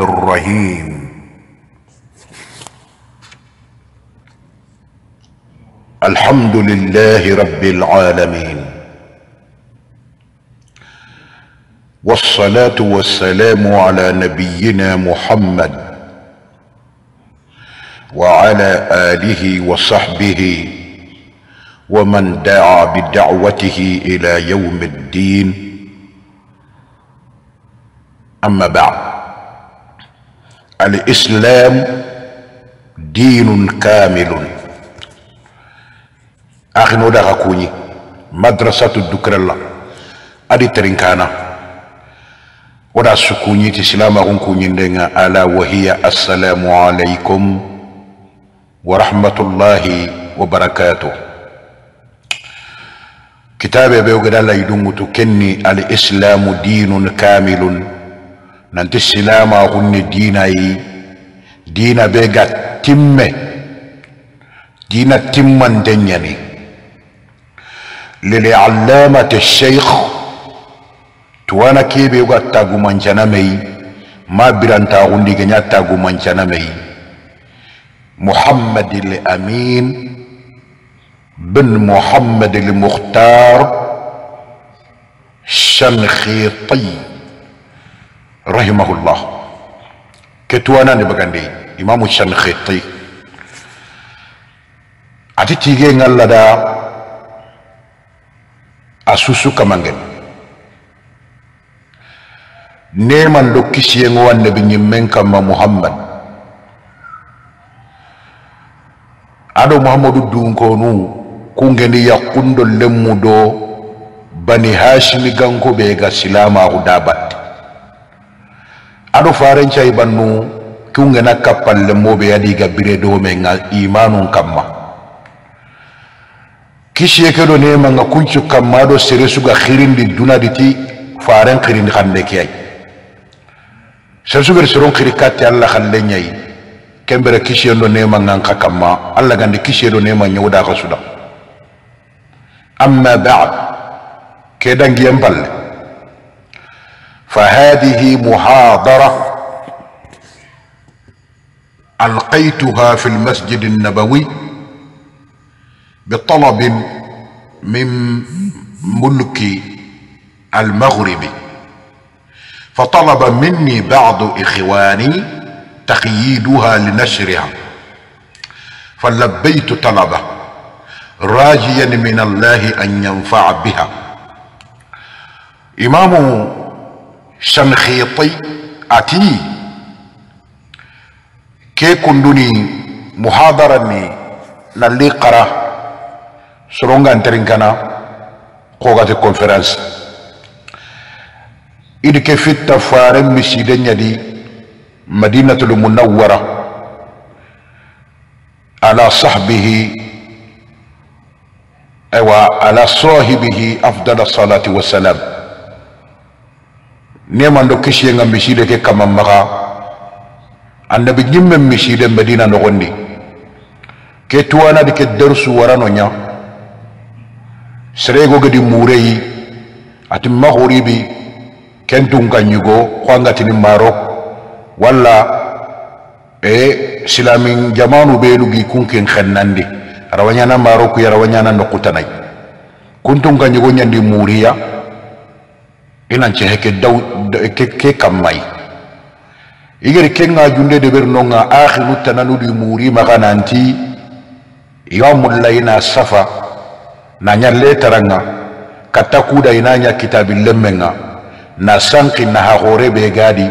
الرحيم الحمد لله رب العالمين والصلاة والسلام على نبينا محمد وعلى آله وصحبه ومن دعا بدعوته إلى يوم الدين أما بعد الإسلام دين كامل أخنو دغا كوني مدرسة الدكر الله أدي ترينكانا ودا سكوني تسلام كوني لنا ألا وهي السلام عليكم ورحمة الله وبركاته كتابي بيوغدا لا يدوم تكني الإسلام دين كامل nanti silama kunni dina yi dina be ga timme denyani lili allama te sheikh tuwana kebe tagu manjana mei ma birantaxundi genya tagu manjana mei محمد الأمين بن محمد المختار الشنخيطي rahimahullah ketuwanande bagandi imamu shankiti ati tige ngallada a susu kamangen neman do kisiyengo annabi ñimmen kamma muhammad aɗo muhammadu dunkonu kungeni yakkundo lemmu do bani Hashim ganko ɓe ga silamaku aɗo farencay bannu kungena kappalle moɓe yaɗiga bire dow men ga imanum kamma kisiye keɗo nemanga kuncu kamma ɗo seresuga hirindi dunadi ti faren hirindi hande ke ay seresuger seron hiri katte allah halle ñayi kembere kisiyen ɗo nemangan ka kamma allah gandi kisiye ɗo nema ñawda ka suɗa amma bad ke dangiyen فهذه محاضرة ألقيتها في المسجد النبوي بطلب من ملك المغرب فطلب مني بعض إخواني تقييدها لنشرها فلبيت طلبه راجيا من الله أن ينفع بها إمام شنخيطي اتي كي كندوني محاضرة مي نالي قرا سرونغا انترينكنا قوغاتي كونفرنس إذ كفت فارن مسيدن يدي مدينة المنورة على صحبه أو أيوة، على صاحبه أفضل الصلاة والسلام nemando nga mishide ke kamanmaga annabi ñimme mishide medina nogondi ke tuwanadi ke dersu warano nya serego gedi murei ati nga nyugo kwa nga tini marok walla e silamin jamanu benu gi kunkin xennandi arawañana maroku rawanyana noqutanayi kuntu ka nyugo nyandi muria inan nche heke daw ke ke kammai igir ke nga junde de ber no nga akhiru tananu di muri yawmul layna safa na le taranga katakuda inanya kitabil lemenga na sanki na hagore be gadi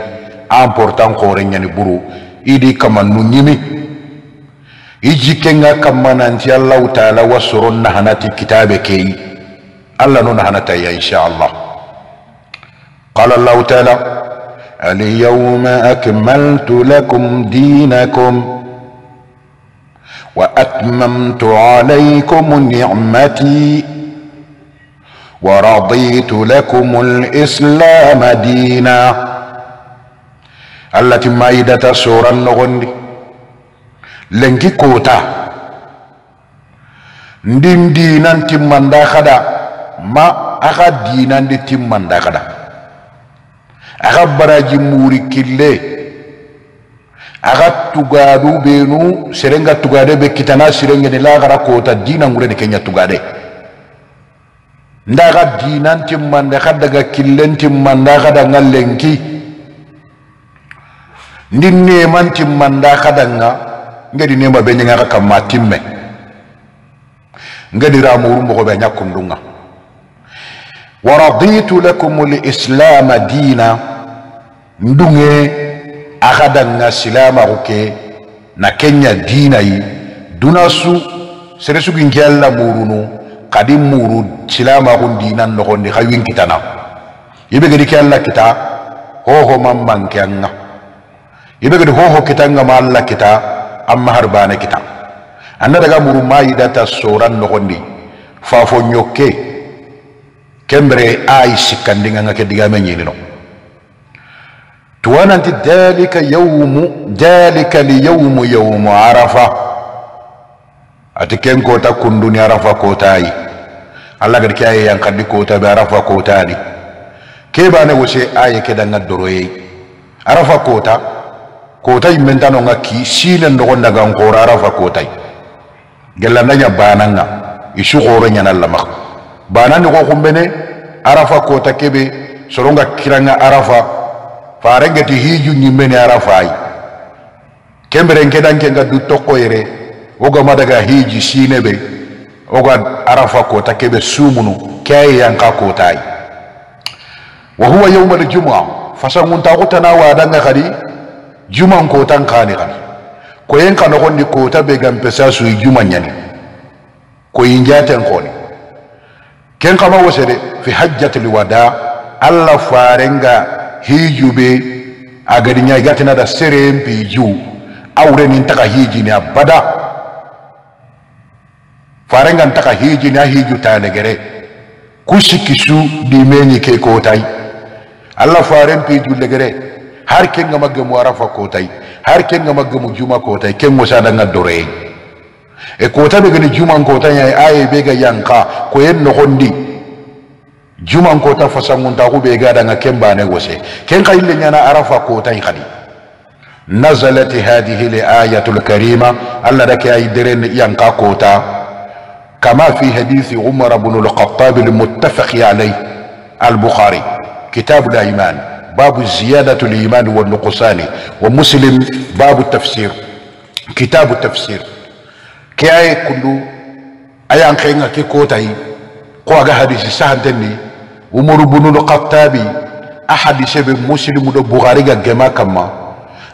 important nya ni buru idi nu nyimi iji kenga kamananti allah taala wasoron na hanati kitabe kei allah no hanata ya insha allah قال الله تعالى اليوم أكملت لكم دينكم وأتممت عليكم نعمتي ورضيت لكم الإسلام دينا التي مايدة سورة نغني لنكي كوتا ندم دينا تمان داخدا ما أخا دينا تمان داخدا aga baraji muri kille aga tugadu benu serenga tugade be kitana de lagara kota dina ngure de kenya tugade ndaga dina tim manda ka daga killentin manda ka danga lenki man tim manda ka danga ngedi nema benya ngaka ka ngedi ramuru mogo be ورضيت لكم الإسلام دينا ندوني أخدا سلام روكي نكينيا ديناي دوناسو سرسو جنجالا مورونو قديم مورو سلام أكون دينا نغني خيوين كتانا يبقى ديك الله كتا هو هو من كيانا يبقى دي هو هو كتانا ما الله كتا أما هربانا كتا أنا دقا مورو ما يداتا سوران نغني فافو نيوكي كمري آي سكان دينا كدقا من يلنو توانت ذلك يوم ذلك ليوم يوم عرفة أتكين كوتا كندوني عرفة كوتاي الله قد كاي ينقضي كوتا بعرفة كوتاني كيباني وشي آي كدا ندروي عرفة كوتا كوتا يمنتانو نكي سينا نغن نغن عرفة كوتاي جلنا نيا بانانا يشو غورو نيا نلمخ banan ni ko kumbene arafa kota kebe soronga kiranga arafa farengeti hiju ñimmene arafa ay kemberen kedankenga du tokkoyere wogama daga hiji sinebe oga arafa kota kebe sumunu keye yanka kotayi wa huwa yawma aljum'a fasangunta kutana wadanga kadi juman kotan kani kadi koyen kanogondi kota be gampesa suyi juma ñani koyinjaten koni ken xama wosede fi hajjatli wada allah farenga hijube a gadi ñayi gatinada serempi iou awrenin taxa hijini a bada farengan taxa hijini a hiju tanegere ku sikkisu dimeñi ke kotay allah farenpi julegere har kengamagge mu arafa kotay har kengamagge mu juma kotay ken wosadanga doreyi ekoota be gani juma nkoota yaye aye be ga yanka ko yen nogondi juma nkoota fasanguntaku be ga danga kemba ne wose ken kayille ñana arafa kootayi kadi nazalat hadihi liayatu lkarima allah dake ay deren yanka koota kama fi hadisi umar bnu lkhatabi lmuttafaqi alayh البخاري كتاب الأيمان باب زيادة الإيمان والنقصان ومسلم باب التفسير كتاب التفسير ke aye kundu ayan kenga ke kotayi ko aga hadisi sahantenni umaru bunulu kattabi a hadise be musilimu do buhari ga gema kamma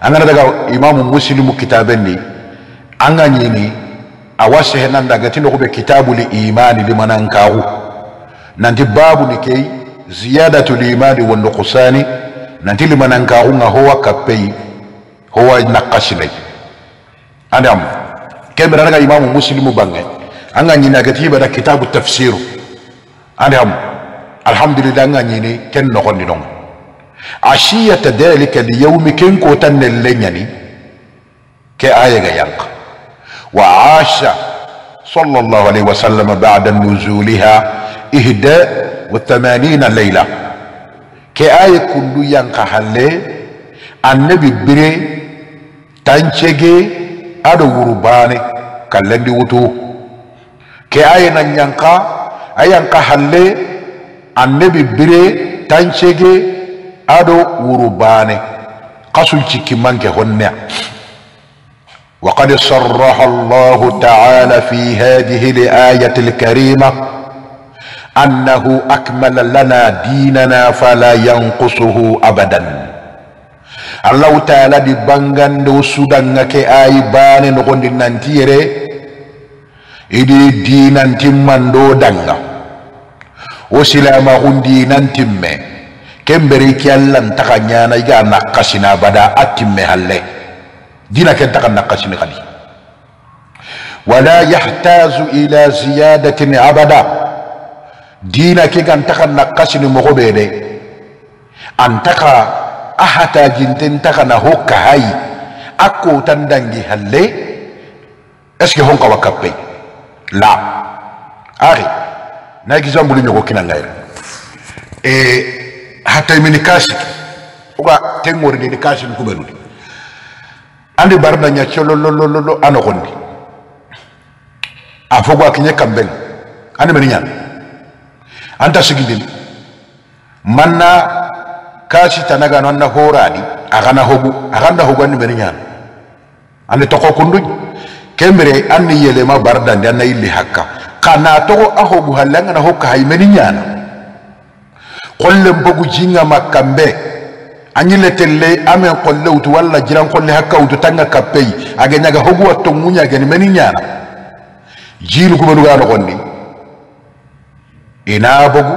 angana daga imamu musilimu kitabenni anga ñini awa sehenanda gatino ko be kitabul imani limanan kahu nanti babu ni kei ziyadatul imani wa nuqsani nanti limanan kahu nga howa kappeyi howa naqasinay andam كبر رجع إمام مسلم بانه أنا نيجي نكتب بدأ كتاب التفسير أنا الحمد لله أنا نيجي كن نقول لهم عشية ذلك اليوم كن كوتن اللينيني كآية جيانك وعاش صلى الله عليه وسلم بعد نزولها إهداء وثمانين ليلة كآية كل يانك هلا النبي بري تنشجي aɗo wuro baane kallendi wuto ke ayena yanka ayanka halle annabi bire tanchege ado wuro baane kasun cikki manke honnea وقد صرح الله تعالى في هذه الآية الكريمة أنه أكمل لنا ديننا فلا ينقصه أبداً Allah taala di bangandewo sudanŋa ke ayi bane kondi nanti yere idi o silama hundi nanti me kembere ke ntaka nyana iga nakasina bada a halle dina ke ntaka nakkasini xadi ولا yahtazu ila زياده abada dina ke تخنقش taxa nakkasini ahata jinten takana hokka hay akko tan dangi halle est ce honka la ari nagi zambuli nyoko kinangayra e hata imini kasi uga tengori ni kasi nkuberudi andi barna nyacholo lolololo ano kondi afogo akinye kambeng andi meni nyana anta mana manna kachi tanaga no horani agana hogu aganda hogu anni benyana ande toko kunduj kembere anni yelema barda ndi anna hakka kana toko ahogu halanga na hokka haimeni nyana qolle mbogu jinga makambe anyile telle ame qolle utu walla jiran qolle hakka utu tanga kapei agenyaga hogu watto munya geni meni nyana jiru kubenuga no ina bogu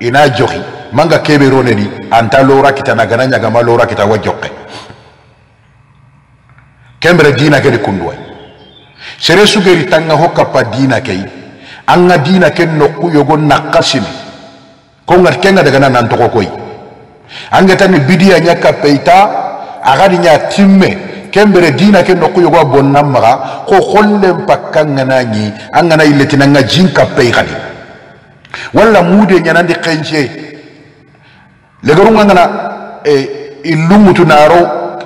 ina johi manga kebe ronedi anta lora kitana gana ñagama lora kita wa joqe kembere dina kedi kunduway sere sugeri tanga ho kappa dina key anga dina ken nokku yogo nakkasini ko ngat kenga daga nan toko koy anga tani bidiya nya kappeita agadi nya timme kembere dina ken nokku yogo bonna maga ko khollen pakkanga nani anga na iletina nga jin kappei kali wala mude nya nandi kenje legaru ngana e ilumutu naro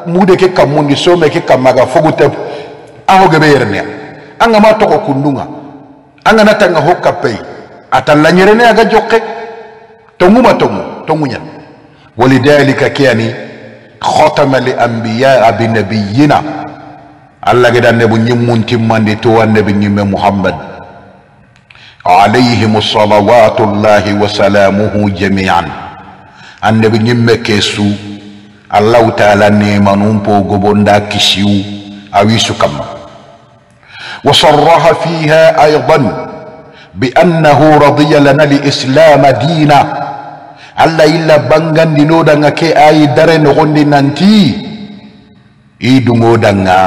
mude ke kamundi some ke kamaga fogute aho gebe yernia anga ma toko kundunga anga natanga hokka pay atalla nyerene aga jokke tongu matongu tongu nyen walidhalika kiani khatama li anbiya bi nabiyina alla geda nebu nyimunti mande to wannabi nyimme muhammad عليهم صلوات الله وسلامه جميعا ande bi ñimme kessu allah taala ne manum po gobonda kisiw awisu fiha aydan bi annahu radiya lana li islam دينا alla illa bangan dino danga ke ay dare no gondi nanti i dungo danga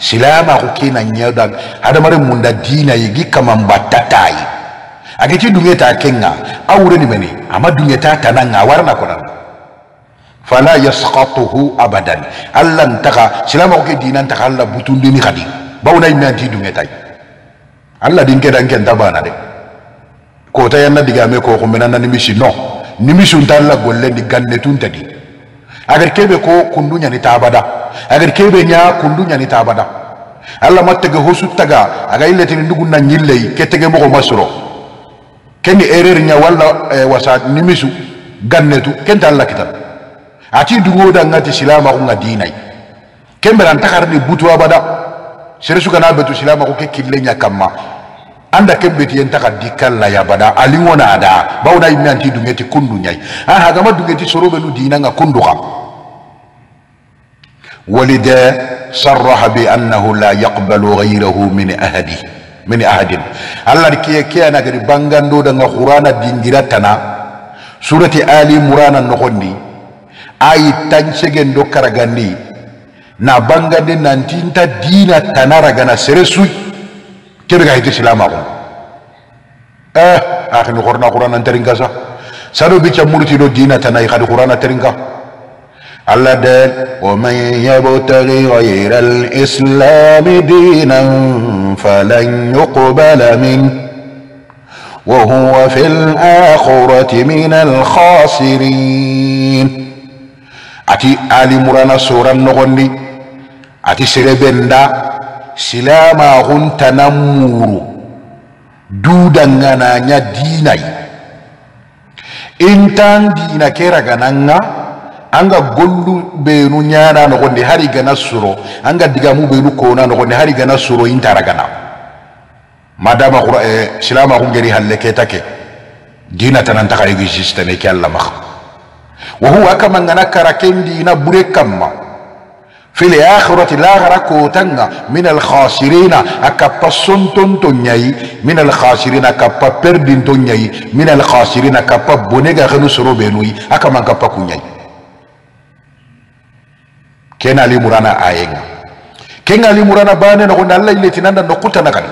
silama ko kina nyoda hada mare munda dina yigi kama mbatatai akiti ta kenga awure ni meni ama dungeta tananga warna kona fala yasqatuhu abadan allan taka silama ko dinan taka alla butundini kadi bawna imna ti ta Allah din ke ke ken bana de ko ta yanna diga me ko menan nan misi no nimisun talla golle ni ganne tun tadi agar kebe ko kundunya ni tabada agar kebe nya kundunya ni tabada Allah mattaga hosu taga aga illetini ndugun nyille ke tege mo ko masro Ken erreur nya wala e eh, wasa nimisu gannetu kenta alla kitab ati da ngati silama ko ngadinai kembera ntakarni butu abada seresu kana betu silama ko ke nya kama. anda kebbeti en di kala ya bada ali wona ada bawna imi anti dungeti kundu nyai an dunge dungeti sorobe lu nga kundu ka ولذا bi annahu la yaqbalu ghayrahu min ahadihi min ahadin allah kiye keyana kadi bangandoɗanga qur'ana dingiratana surati ali murana nogondi ayi tancegen do karagandi na bangande nantinta dina tanaragana sere suy keɓe ga hiti silama kon eh akini horna qur'ana nteringa sa saɗo bicca murtiɗo dina tanayi kadi qur'ana teringa على ومن يبتغي غير الإسلام دينا فلن يقبل منه وهو في الآخرة من الخاسرين أتي آل مرانا سورا نغني أتي سربن دا سلاما هنت نمور دودا نانا ديني إن تان دينا كيرا anga gollu nyaana no gonde hari gana suro anga digamu na no gonde hari gana suro intara gana madama qura e silama kun geri halle ke take dina tanan takari e gisiste ne alla makh wa huwa kama ngana karakendi na bure kama fi fil akhirati la gharako tanga min al khasirin akappa sonton to nyai min al khasirin akappa perdin to nyai min al khasirin akappa bonega gano suro benui akama akappa kunyai kena ali murana ayenga kenga ali murana bane na gonda Allah ile tinanda no kuta nakan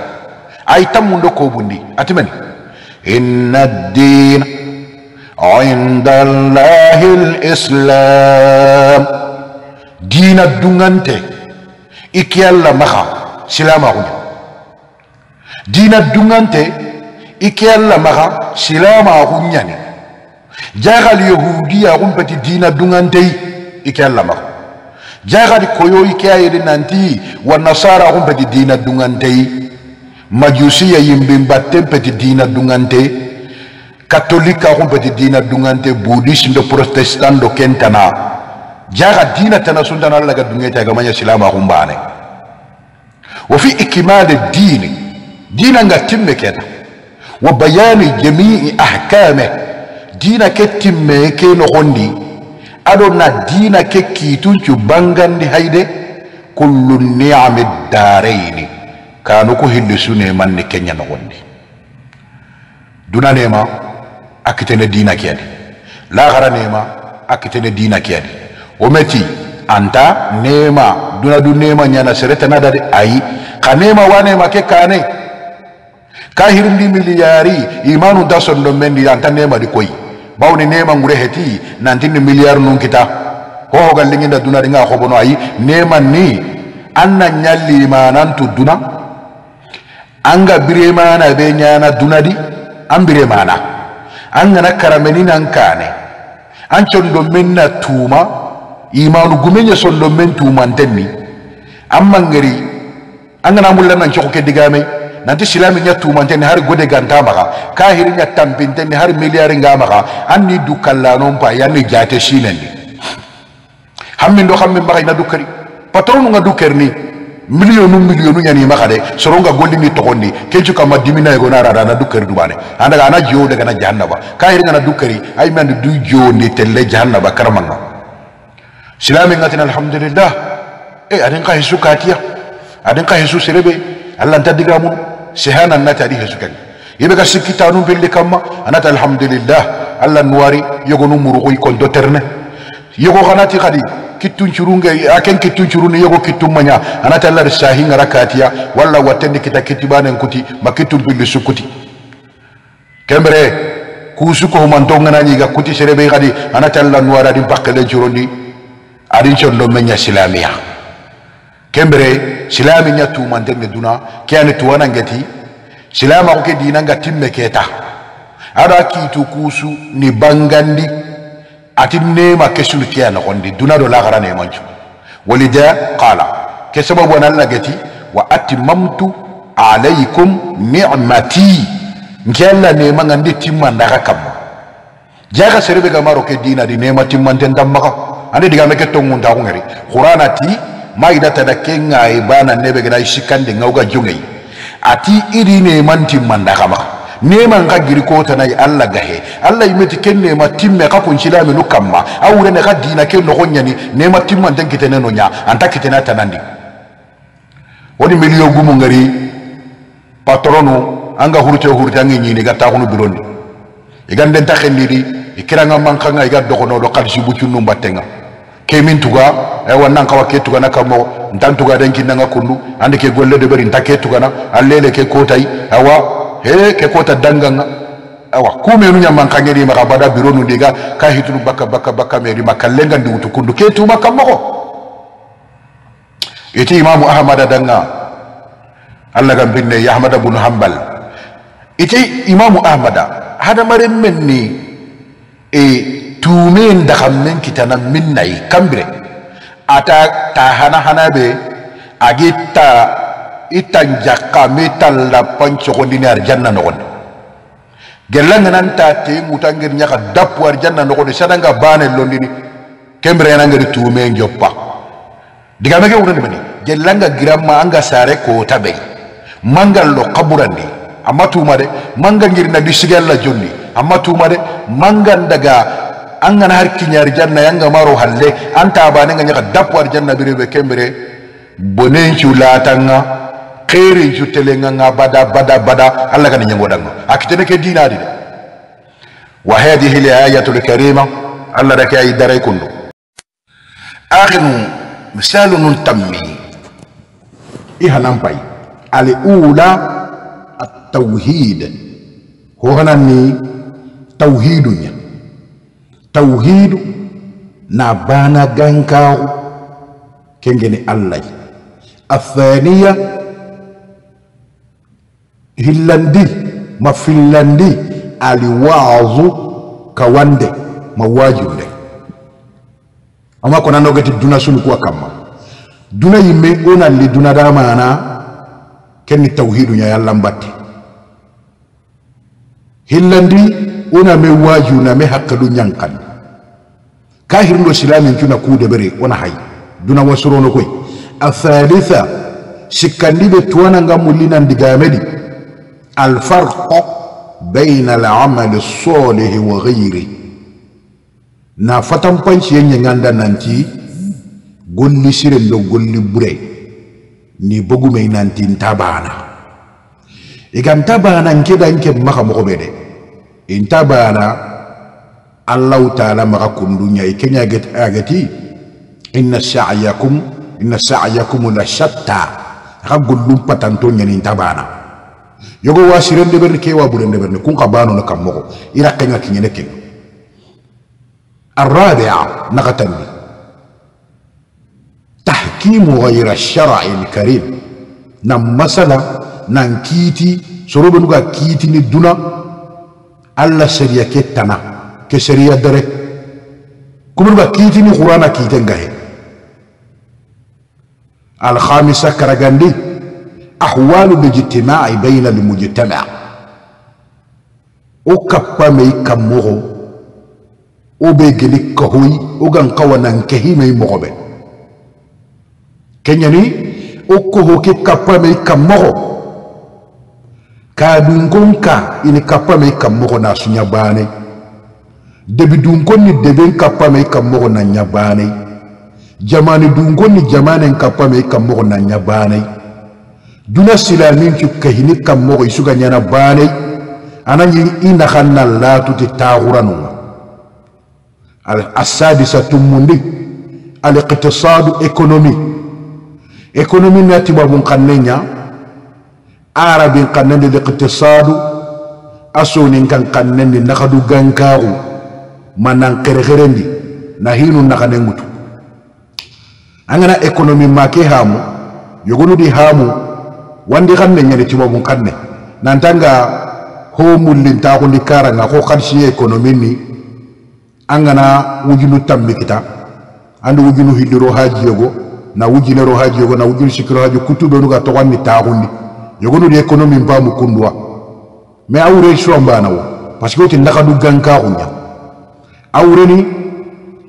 ay tamundo ko bundi atimen inna ad-din inda Allah al-islam dina dungante iki Allah maha silama hunya dina dungante iki Allah maha silama hunya ne jagal yahudiya kumpati dina dungante iki Allah maha jagari koyoyi ke ayiri nanti wanasara humpeti dina dungantei majusiya yimbimbatten peti dina dungante katolika peti dina dungante budist ndo protestant do kentana jaga dina tana suntana allaga dungete agamanya silama humbane wafi ikimali dini dina nga timme kena wa bayani jamii ahkame dina ke timme ke nogondi ado aɗona diina kekkiytuncu bangandi haide kullu niami darayni kanu ko hilli sune manni kenya nogondi dunanema akkitene diina keyadi laharanema akkitene diina keyadi o meti anta nema dunadu nema ñana seretanadadi ayi ka nema wanema ke kane ka hirndi miliyari imanu da sondo mendi anta di koyi baw ni nema ngure heti nantini milliard nun kita hohogal liginda dunari nga hobono ayi nema ni anna ñalli manantu duna anga biremana be ñana dunadi an biremana an mana. Anga nan kane an condo men na tuma imanu gumenye sondo men tumantenni an mangeri an gana mulla nan nanti silami nya tumante hari hari gode ganta maka kahiri nya tampinte hari har miliyari nga maga anni du kallanon pa yanni jate shinandi hammin do hammin maga ina dukari patron nga dukerni miliyonu miliyonu ñani maka de soro nga tokoni togondi kencu kama dimina gonara na rada na dukkari dubane anda ana jio daga na jahannaba kahiri nga na dukkari ay mandi du jio ni telle jahannaba karamanga silami ngatin alhamdulillah eh adin ka hisu adin ka hisu serebe allah nta digamun sihana nati adi hesu kenni ibe ga sikki tanu billi kamma anata alhamdulillah alla nuwari yogonu murugoy kondo terne yogo ganati kadi kittun curunge aken kittun curuni yogo kittun maña anata allah sahinga rakatiya walla wattendi kita kittibanen kuti ma kittun billi sukkuti kembere kusuko humantonganañiga kuti serebe kadi anata allah nuwari adin pakkelen curondi adin condo meña silamiya kembere silami nya tumantenge duna kiyani tuwanangeti silama ko ke dinanga timme keta ada tu kusu ni bangandi ati nema kesul kiana kondi duna do lagara nemancu walida qala ke sababu wanallageti wa atimamtu alaykum ni'mati ne nema ngandi timmandaga kamma jaga serebe gamaro ke dina di nema timmanten dammaka ande digameke tongunta ko ngeri qur'ana ti maida tada kenga ibana e nebe gina isikande ngauga jungei ati iri ne manti manda kama neman ka giri ko ta nai Allah gahe Allah yimeti ken ne ma timme ka kun shila minu kamma awure ne ka dina ken no gonya ni ne ma timman den kitene no nya anta kitena tanandi woni miliyo gumu ngari patronu anga hurte hurte angi nyini ga ta kunu birondi iganden ta khendiri ikiranga mankanga iga dogono do kalsi bucu numbatenga ke min tuga e wannan kawa ke na kamo ntan tuga den kinna nga kundu ande ke golle de bari nta ke tuga na allele ke kotai awa he eh, ke kota danganga awa kume nu nyamman kangeri maka bada biro nu diga ka hitunu baka baka baka meri maka lenga ndi utukundu ke tu maka iti imamu ahmada danga allah gam binne yahmad ibn hanbal iti imamu ahmada hada marin menni e eh, tuumin dakammen kitanan min nayi kambire ata ta hana hana be agita itan jakka me tan lappan Gelangga arjanna nogonde gella nan ta te mutangir ñaka dappu arjanna nogonde sadanga bane londini kembere yanangeri tuume joppa digame ke wurani mani gellanga gramma anga sare ko tabe mangal lo qaburandi amma tuma de na disigal la jonni amma tuma de mangga daga an gana har kinyar janna yanga maro halle an ta ba nan ga dapwar janna bire be kembere bonen chu latanga khairin chu telenga nga bada bada bada Allah kan nyango dango akitene ke dina di wa hadhihi al-ayatu al-karima Allah da ke ay dare kundu akhinu misalun tammi ihanan pai al-ula at-tauhid ho hanani tauhidunya tawhidu na bana gankawo kengeni allah afaniya hillandi ma fillandi aliwazu kawande ma amako amma ko nanogeti duna sunu kuwa kama duna yimme ona li duna damana kenni yalla mbati hillandi ona mewaju na me nyankani kahirin do silamin cuna kuude bere wona hay duna wasorono koy athalitha sikkandi ɓe tuwananga mullinan digamedi alfarqo baina alamali solihi wa gayri na fatanpanciye ñeganda nanti golli siren ndo golli bure ni bogumey nanti nta bana iganta bana nkedanke maxa moxoɓe de inta bana الله تعالى مغاكم دنيا كنيا أغتي إن سعيكم إن سعيكم لشتى غقل لنبا تنتون ينين تبانا yogo wa siren de berne kewa bulen de berne kun qabano na kammo ira الرابع نغتني تحكيم غير الشرع الكريم نم مثلا نان كيتي سروبنغا كيتي ندونا الله سريكي كتنا ke sharia dare kumun ba kiti ni qur'ana kiten gahe al khamisa karagandi ahwal al ijtima'i bayna al mujtama o kappa me kammo o be geli kahoyi o gan kawanan kehi me mogobe kenyani o koho ke kappa me kammo kadungonka ini kappa me kammo na sunya bane debi dunkon ni deben kappame i kan mogo na ɲa baanai jamani dunkon ni jamanen kappame i kan mogo na ɲa baanai duna silamin cu kahini kan mogo i suga ɲana baanai ana ɲi i naxan na latu ti taxuranunga asadisa tummundi aliqtisadu ekonomi ekonomi na tibabun xanne ɲa arabin xannendi liqtisadu a sonin kan xannendi naxadu gankaxu manan kerekerendi na hinu nakane ngutu angana ekonomi make hamu di hamu wandi kanne nyani tibabun kanne nantanga ho na ko kan kadsiye ekonomi ni angana wujunu tammi kita andu wujunu hidro haji yogo na ro haji yogo na wujunu sikiro haji ta ga toganni di ekonomi economy mbamu kundwa me awure suwa mbanawo parce que du nakadu gankakunya awreni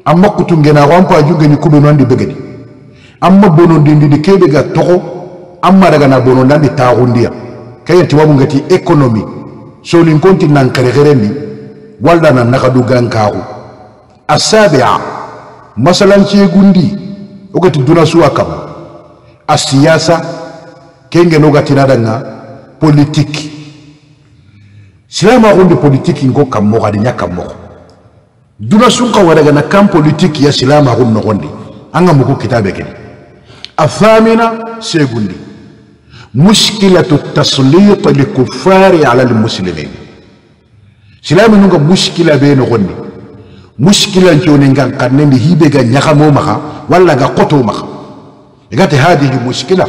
amma kutungena xo an pajungeni kuɓenuandi begedi amma di kebe ga toko amma dagana bonondandi taxundiya kayen tiwabungeti économie soninkonti nan xerexerendi walda na naxadu gankaxu a sabia masalancegundi ogati dunasuwa kam a siyasa kengen ogatinadanga politiki silamaxundi politiki nko kammoxo adi nyaka kammoxo dunasung ka waraga na kan politique ya silama hun nogondi anga muku kitabe kene athamina segundi mushkilatu taslit likuffari ala almuslimin silama nunga mushkila be nogondi mushkila joni ngan kannendi hibe ga nyakamo maka walla ga koto maka igati hadihi mushkila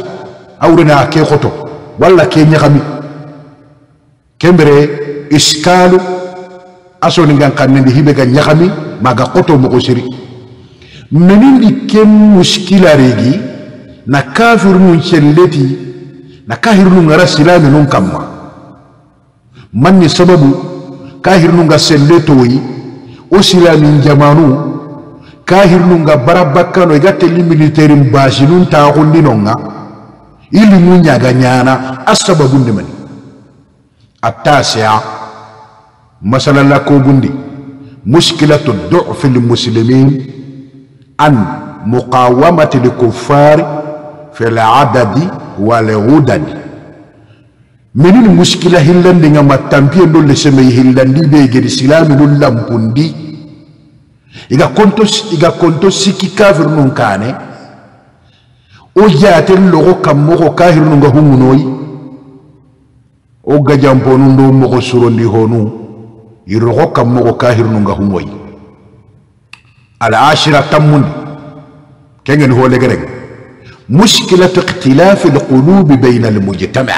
awrina ke koto walla ke nyakami kembere iskalu asoni gan kannindi hibe ga ñahami maga qoto mogo siri di kem muskila regi na kafir mu celleti na kahir nu ngara silami nun kamma manni sababu kahir nu ga selle toyi o silamin jamanu kahir nga ga bara bakkano i ga telli militairin basi nun taxundi non ga i limu ñaga ñana a sababundi mani a tasia مثلا لا كوغندي مشكلة ضعف المسلمين عن مقاومة الكفار في العدد والعدد من المشكلة هلندي نما التنبيه دول سمي هلندي بيجر سلام دول لمبندي إذا كنت إذا كنت سكي كافر نونكاني ojaate logo kammogo kahirununga humunoyi o gajamponun do mogo surondi honu يرغو كم مغو كاهر نونغا هنوي العاشرة تمون كنغن هو لغرق مشكلة اختلاف القلوب بين المجتمع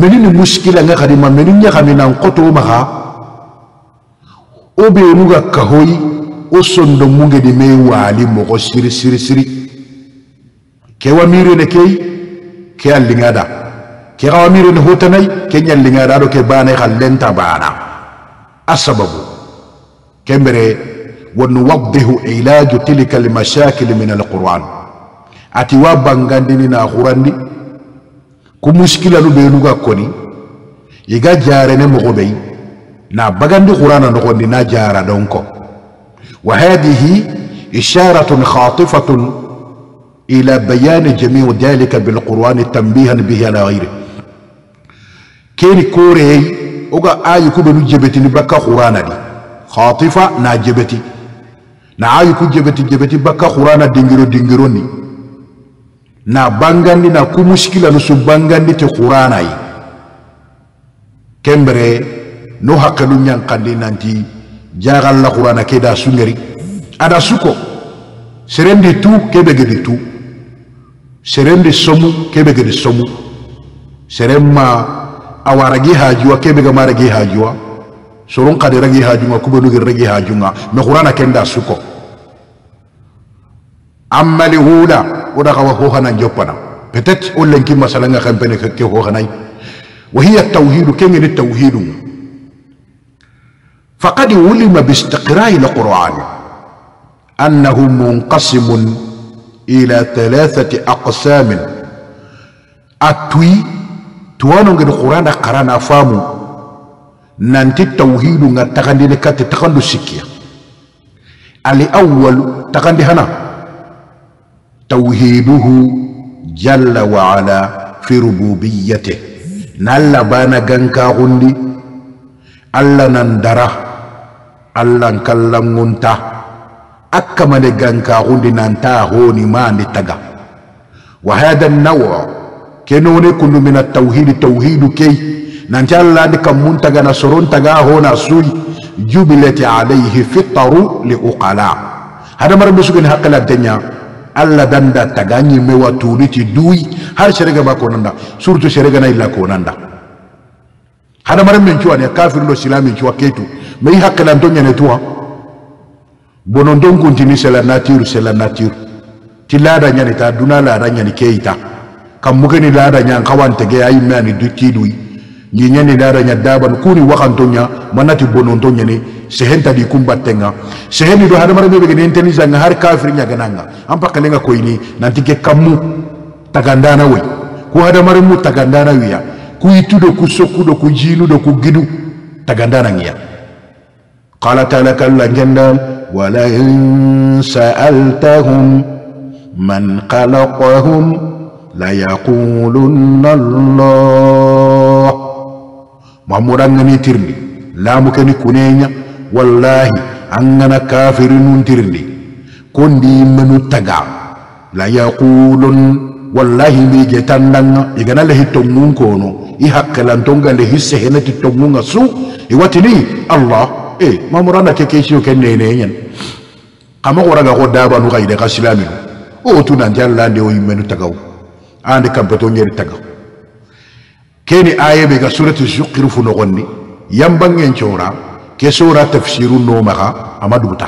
منين المشكلة نغري ما منين يغمي ننقطو مغا وبينوغا كهوي وصندو مونغي دي ميوالي مغو سيري سيري سيري كيوا ميري نكي كيال لنغادا ke xawamiri ne hutanay ke ñallinga ɗa ɗo ke bane xa lenta bana a sababu ke mbere wanuwaddihu ilaju tilka almashakil min alquran ati wa bangandini na xurandi ku muskilanu ɓenuga koni iga jarene moxo ɓey na bagandi xurana noxondi na jara donko wa hadihi isharatun khatifatun إلى بيان جميع ذلك بالقرآن تنبيها به على غيره keni koreyey oga ayu jebeti jebetini bakka di khatifa na jebeti na ayu ku jebeti jebeti bakka hurana dingiro dingiro ni na bangandi na ku muskilanu su te ti huranayi kembere no nyan kandi nanti la hurana ke da sungeri ada suko serendi tu kebe gedi tu serendi somu kebe gedi somu serema awaragi hajuwa kebe ga maragi hajuwa soron kade ragi hajunga kubenu gi ragi hajunga me qur'ana kenda suko amali hula oda kawa ho hanan jopana peut-être o lenki masalanga kampene ke ho hanai wa hiya tawhid kengen tawhid faqad ulima bi istiqra'i al-qur'an annahu munqasimun ila thalathati aqsamin atwi tuwanongene qur'ana qarana faamu nanti tawhidu nga taxandine katte taxandu sikkiya al awalu taxandi hana tawhiduhu jalla wa ala fi rububiyate na alla bana gankaxundi alla nan dara allan kallanŋunta a kamane gankaxundi nanta honi mandi taga wa hada nawa kenone kundu mina tauhidi tauhidu kei nanti alla di kammun taga na soron taga hona sui jubilati alayhi fitaru li uqala hada mara besugen hakala denya alla danda taganyi mewa tuliti dui har sherega ba konanda surtout sherega na illa konanda hada mara men chuwa ne kafir lo silami chuwa ketu mai hakala ntonya ne tuwa bonon don kuntini sela nature sela nature tilada nyani ta dunala ranya ni keita kam gëni lada ñaan xawante ge ay ya mani du kidui ni nyani lada nya daban kuni wakantonya manati bonontonya ni sehenta di kumbatenga seheni do hada marabe ge ni zanga har kafir nya gananga ampa kalenga ini, nanti ke kamu tagandana we ku hada mu tagandana wiya ku itu do ku soku do ku do ku gidu tagandana ngiya qala ta'ala kalla jandal wala in sa'altahum man khalaqahum layakulunna allah mamudan ngani tirni lamu keni kunenya wallahi angana kafirun tirni kondi menu taga layakulun wallahi mi nanga, igana lehi tongun kono i hakkalantonga lehi sehenati tongunga su iwatini allah e eh, mamurana kekesiyo ke nenenyen kama koraga ko dabanu kayide ka silaminu o oh, tunanti allande o yimmenu tagawu andi kampato nyeri taga keni ayebe ga surati zuqir fu nogonni yambangen chora ke sura tafsiru no maga amaduta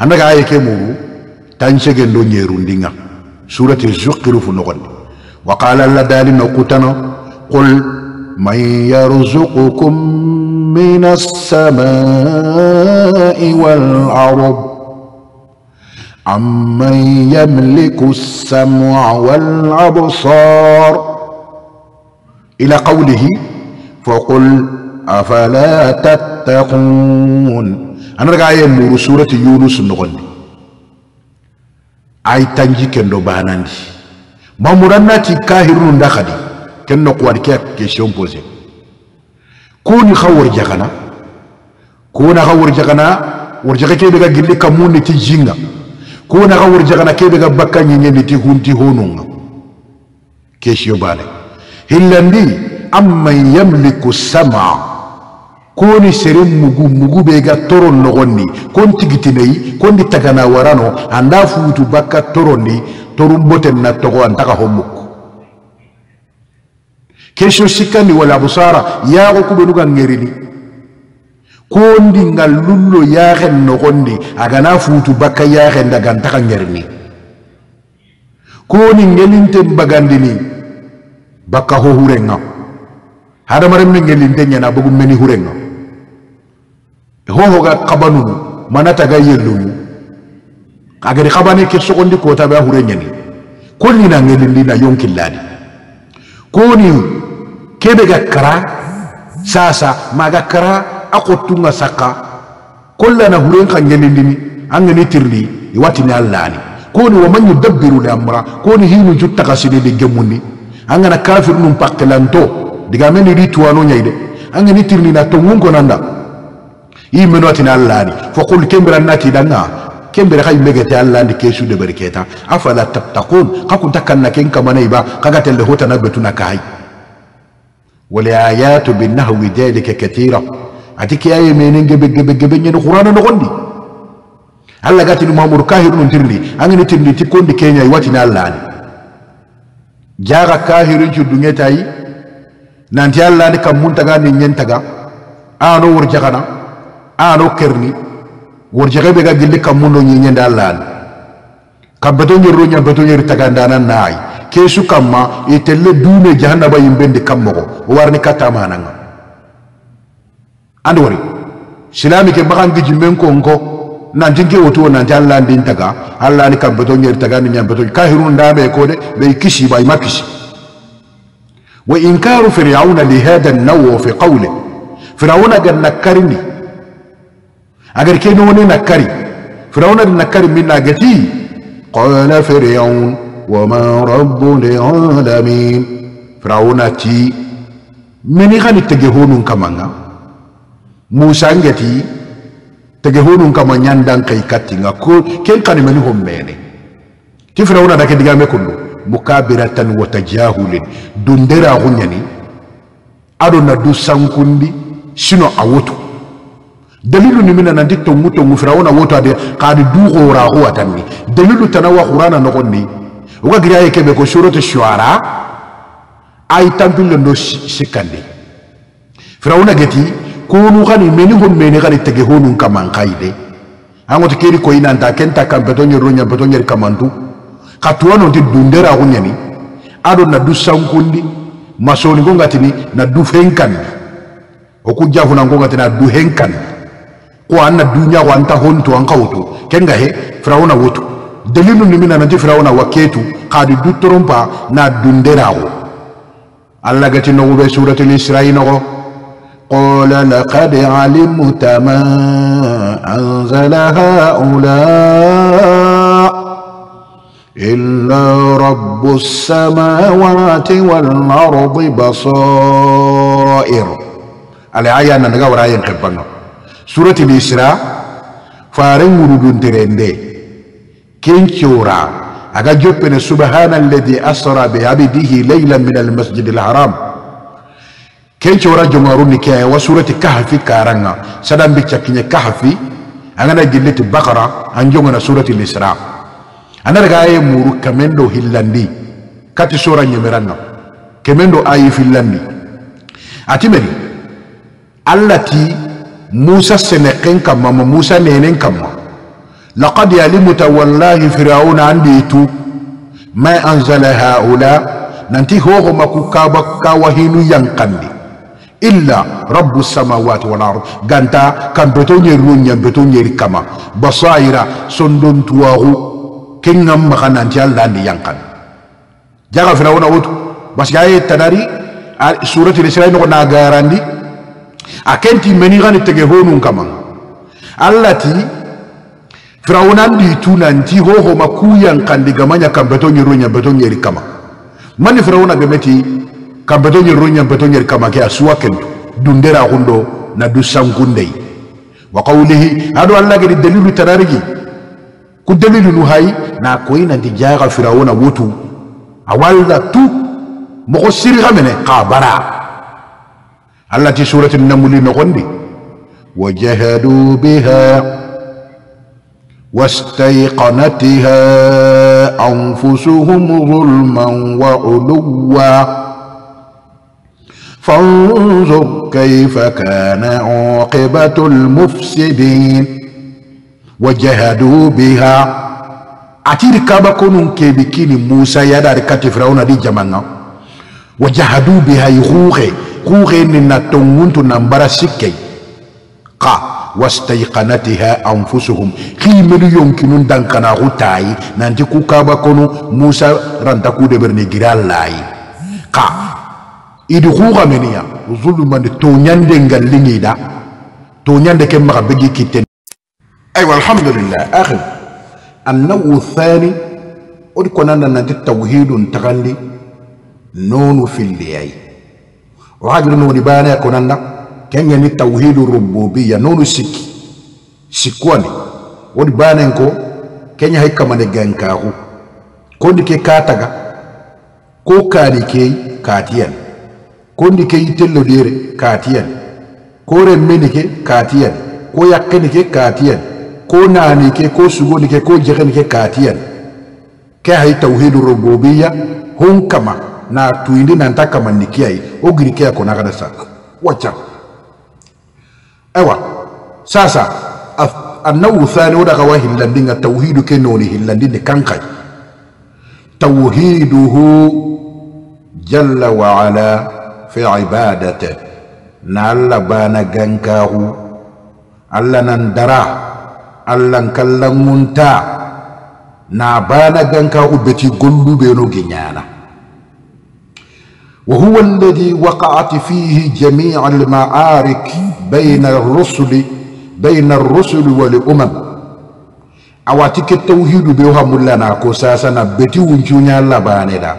andaga aye ke muru tanchege ndo nyeru ndinga surati zuqir fu nogonni wa qala alladali nokutano qul man yarzuqukum min as-samaa'i wal ardh عمن يملك السمع والأبصار إلى قوله فقل أفلا تتقون أنا رجع مور سورة يونس نغني أي تنجي كندو بانانجي ما مرناتي كاهرون دخدي كنو قواركي كيشيون بوزي كون خور جغنا كون خور جغنا ورجغكي بيغا جلي كموني تجينا kuna ga wurjagana kebe ga bakka ñiñeni ti hunti honunga kesio bane hillandi amman yamliku sama koni seren mugu mugu be ga toron nogonni kon tigitineyi kondi tagana warano anda fuutu bakka toronni torun boten na togo antaka hommukku kesio sikkandi wala busara yaago kuɓenuga ngerini kondi ngal lullo no kondi a gana futu bakka yaxen da gantaxa ngerini koni ngelinte bagandini bakka ho hurenga hadamarem ne ngelinte nyana bugu meni hurenga Ho kabanu manata tagai yelu agadi xabane ke soxondi kotabe a hure na na ngelindina yonkilladi koni kebe ga kara sasa maga kara akottunga sakka kollana huren kan ñanindini angani tirli iwatini allani koni waman yudabbiru le amra koni hinu juttakasini di gemmundi angana kafir num pakkelanto digameni ri tuwano ñayi de angani tirni na tongun konanda imeno atini allani fokul kembirannati danga kembere kay megete alla ndi kesu de berketa afala tattaqun kaku takanna ken kamane ba kaga telle hota na betuna kai wal ayatu bin nahwi dalika katira ati kiyaye menen gebe gebe gebe ñeni qur'ana nogondi allah gatini mamadou kahiru no tirli angani tirli ti kondi keñayi watina allah ani jaga kahirin cudduŋe tayi nanti allah ni kammun taga ni ñen taga ano worjagana ano kerni worjage be ga gilli kammun no ñiñende allah ani kabbeto ñerro ñambeto ñeri tagandanan naayi kesu kamma itelle duune jahannaba yimbendi kammogo o warni kattamananga andi wari silami ke bagan di jimmen ko ngo nanti jinge woto nanti Allah din taga Allah ni kabbeto nyer daga ni beto kahirun be ko de be kishi bay makishi wa inkaru fir'auna li hada an-naw fi qawli fir'auna gan nakarni agar ke no ne nakari fir'auna gan nakari min nagati qala fir'aun wa ma rabbul alamin fir'auna ti meni gani kamanga ngeti tege honum kama ñandan kay nga ko ken kanumeni hommene ti firawna dake digame kundu mukabiratan wa tajahulin dundera hunyani ado na du sankundi sino a dalilu ni mina nanti tongu tongu firawna woto ade qadi du hora ho atanni dalilu tanawa qur'ana nokonni uga giraye kebe ko shurutu shuara ay tampille ndo sikandi firawna geti kunu gani meni hun meni gani tege hunu kaman kaide ango tikiri ko ina nda kenta kampeto nyoro nya beto kamandu katuano ti dundera kunyani ado na du sankundi masoni ngonga tini na du fenkan funa ngonga tini na du henkan ko anna dunya ko anta hontu anka wutu kenga he frauna wutu dalilu ni mina nanti firauna waketu kadi du trompa na dundera ko Allah gati no be suratul isra'i no قال لقد علمت ما أنزل هؤلاء إلا رب السماوات والأرض بصائر الآية ننقى ورايا خبرنا سورة الإسراء فارن مرغن كين كينشورا أجا جبنا سبحان الذي أسرى بعبده ليلا من المسجد الحرام kenci wara ni kaya wa surati kahfi karanga sadan bi cakinye kahfi angana gilleti bakara anjonga na surati lisra anara ga muru kamendo hillandi kati sura nyemeranga kemendo ayi fillandi atimeri allati musa seneken kamma ma musa nenen kamma laqad yalimuta wallahi andi tu ma anzala haula nanti hoho makukaba kawahinu yankandi إلا رب السماوات والأرض غانتا كان بتوني رونيا بتوني كما بصائر سندون تواغو كنغم مخانا انتيال لاندي ينقن جاغا فرعون أوتو بس جاي تناري سورة الإسراء نغنا غيراندي أكنتي منيغاني تجهونون كما التي فرعون أندي تونانتي هو هو مكويا كان دي غمانيا كان بتوني رونيا بتوني كما من فرعون بمتي kampeto ñer ro ñampeto ñer kamake a suwa kento dundera xundo na du sankundey wa qawlihi aɗo allah gedi dalilu tanarigi ku dalilu nu hay na koyi nanti jayaxa firawona wotu awalla tu moxo sirixa mene xa bara allah ti surati namuli noxondi وجهدوا بها واستيقنتها أنفسهم ظلما وعلوا فانظر كيف كان عاقبة المفسدين وجهدوا بها أتير كي بكيني موسى يدا ركات فرعون دي جمانا وجهدوا بها يخوخي خوخي ننا تنغنت نمبر سكي قا واستيقنتها أنفسهم كي ليون كنون دان كان غوتاي نانتي كو كونو موسى رانتكو دبرني جرال لاي قا idi xuuxa meniya zulman toñande ngalliŋida toñande ke maxa begi kitten aywa alhamdulillah akhi annawu thani wodi konanda nanti tawhidun taxandi nonu filliyay waxajuru noni banaya konanda ni tawhidu rububiya nonu siki sikwani wodi bana nko kenya hay kamane gankaxu kondi ke kataga ko kaani key kaatiyan kondi ke yitello dire katiyani ko remmeni ke katiyani ko yakkeni ke katiyani ko naani ke ko sugoni ke ko jegeni ke katiyani ke hay tawhidu rububiyya hun kama na tuyindi nanta kamanni kiyayi wo giri keya konagada sa wacha ewa sasa annawu thani wo daga wa hillandinga tawhidu ke noni hillandinde kankay tawhiduhu jalla wa ala في عبادته نالا بانا جنكاهو الله نندرا الله نكلم منتا نابانا جنكاهو بتي قلو بينو جنانا وهو الذي وقعت فيه جميع المعارك بين الرسل بين الرسل والأمم أواتك التوحيد بيوها ملانا كوساسنا بتي ونجونا اللبانة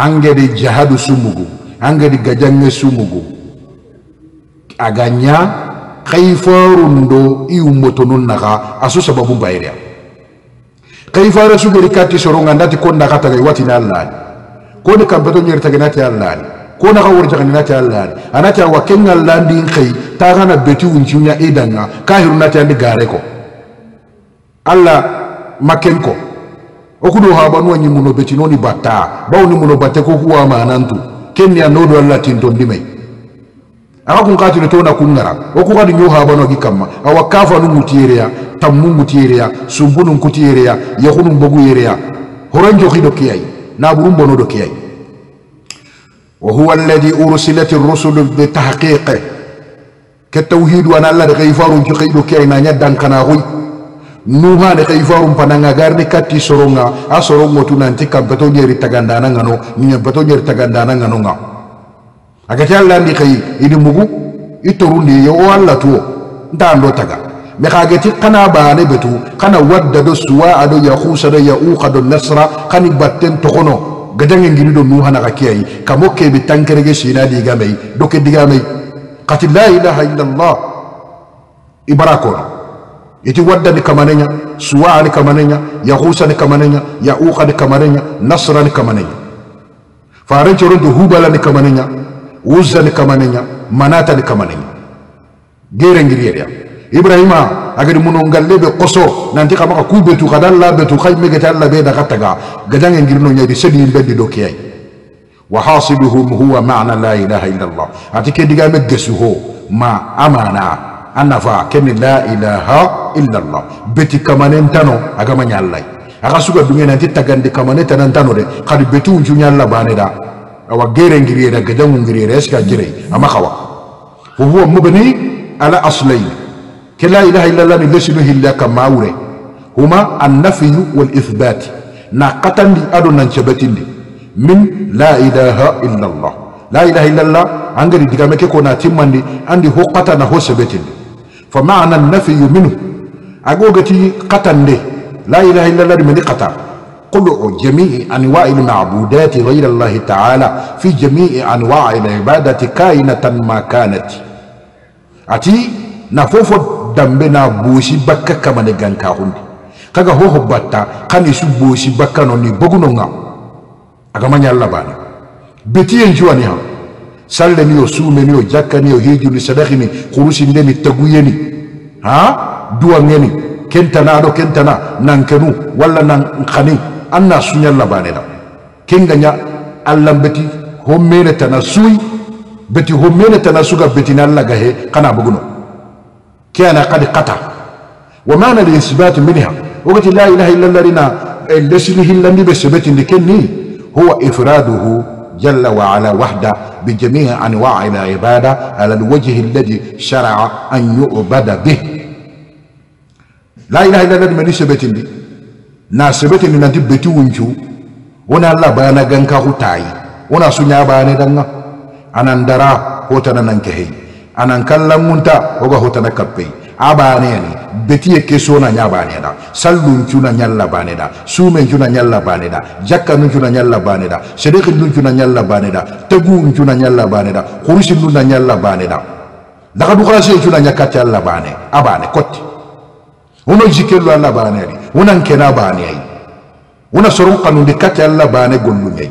عنجد جهاد سمغو hanga di gajanga sumugu aganya kaifarundo iu motonun naka asu sababu bayiria kaifara sugeri kati soronga ndati ko naga tagay watina allah ko de kambato nyer tagenati allah ko naga wurjagani nati allah anati wa kenga allah din tagana beti edanga kahiru nati andi gareko allah makenko okudo haba nyimuno beti noni bata bau ni muno bate ko kuwa kenni a nodu alla tin ton dimay aga kun katino towna kun ngara wo ku gadi ño habano agi kamma awa kafanu ngutiyereya tammu ngutiyereya sumbunu ngutiyereya yahunu mbogu yereya horonjoxi do kiyay naburu mbono do kiyay wa huwa alladi ursilat rusulu betahqiqe ke tawhid wana alla de xey farunci xey do kiyay naña dankanaxuy nuha ne ta ivarum pananga garde kati soronga a sorongo tu nanti beto nyeri tagandana ngano beto nyeri tagandana ngano nga akati Allah ndi kay ini mugu ndi yo alla tuo ndando taga me kageti kana baane betu kana wadda do suwa ado ya khusa do ya uqa do nasra kani batten tokono gadange ngi do nuha na kakiyai kamo kebe tankerege shina gamai doke gamai kati la ilaha illallah ibarakona iti wadda ni kamanenya suwa ni kamanenya yahusa ni kamanenya yauqa ni kamanenya nasra ni kamanenya farencho rundu hubala ni kamanenya uzza ni kamanenya manata ni kamanenya gere ngiriyeya ibrahima agadi lebe koso nanti kamaka kubetu kadalla betu khayme gata alla be dakataga gadang ngirno nyadi sedi mbeddi dokiyai wa hasibuhum huwa ma'na la ilaha illa allah atike digame ho ma amana anafa kemi la ilaha illa allah beti kamane ntano aga manyallai aga suga dunga nanti tagande kamane tanantano de kadi beti unjunya allah bane da awa gere ngiriye da gajan ngiriye eska jire ama khawa wa huwa mubni ala aslayn kila ilaha illa allah ni lesilu hilla kamaure huma an-nafyu wal ithbat na qatandi adu nan chabatindi min la ilaha illa allah la ilaha illa allah angari digame ke ko na timmandi andi hokkata na ho sebetindi فمعنى النفي منه أجوجتي قتن لي لا إله إلا الله من قتل قلع جميع أنواع المعبودات غير الله تعالى في جميع أنواع العبادة كائنة ما كانت أتي نفوف دمبنا بوشي بكا كما نغان كاهم كاغا هو باتا كان يسو بوشي بكا نوني بغنونغا أغمان يالا بانا بتين جواني هم salle ni o suumeni o jakkani o heejuni sadahini kurusi ndeni taguyeni ha duwangeni kentana aɗo kentana nankenu walla nankani anna suñalla banena kengaña allah beti hommene tana suyi beti hommene tana suga betini allah gahe xana buguno ke ana kadi qata wa mana lisbati minha wogati la ilaha illa llah rina eh, lesini hillandi ɓe sebetindi kenni howa ifraduhu جل وعلا وحده بجميع أنواع العبادة على الوجه الذي شرع أن يعبد به لا إله إلا الله من سبتين سبت لي ناسبت دي نتي بتونجو ونا الله بانا غنكا هتاي ونا سنيا بانا دنا أنا ندرا هوتنا ننكهي أنا نكلم منتا وغا هوتنا كبي abaneni betiye kesona nya baneda sallun nyalla baneda sumen cuna nyalla baneda jakkanun cuna nyalla baneda sedekhun cuna nyalla baneda tegun cuna nyalla baneda khurusin cuna nyalla baneda daga dukhala se cuna nyakati alla bane abane kotti uno jikelu alla bane unan kena bane ai una sorun kanun de kati alla bane gollu ngai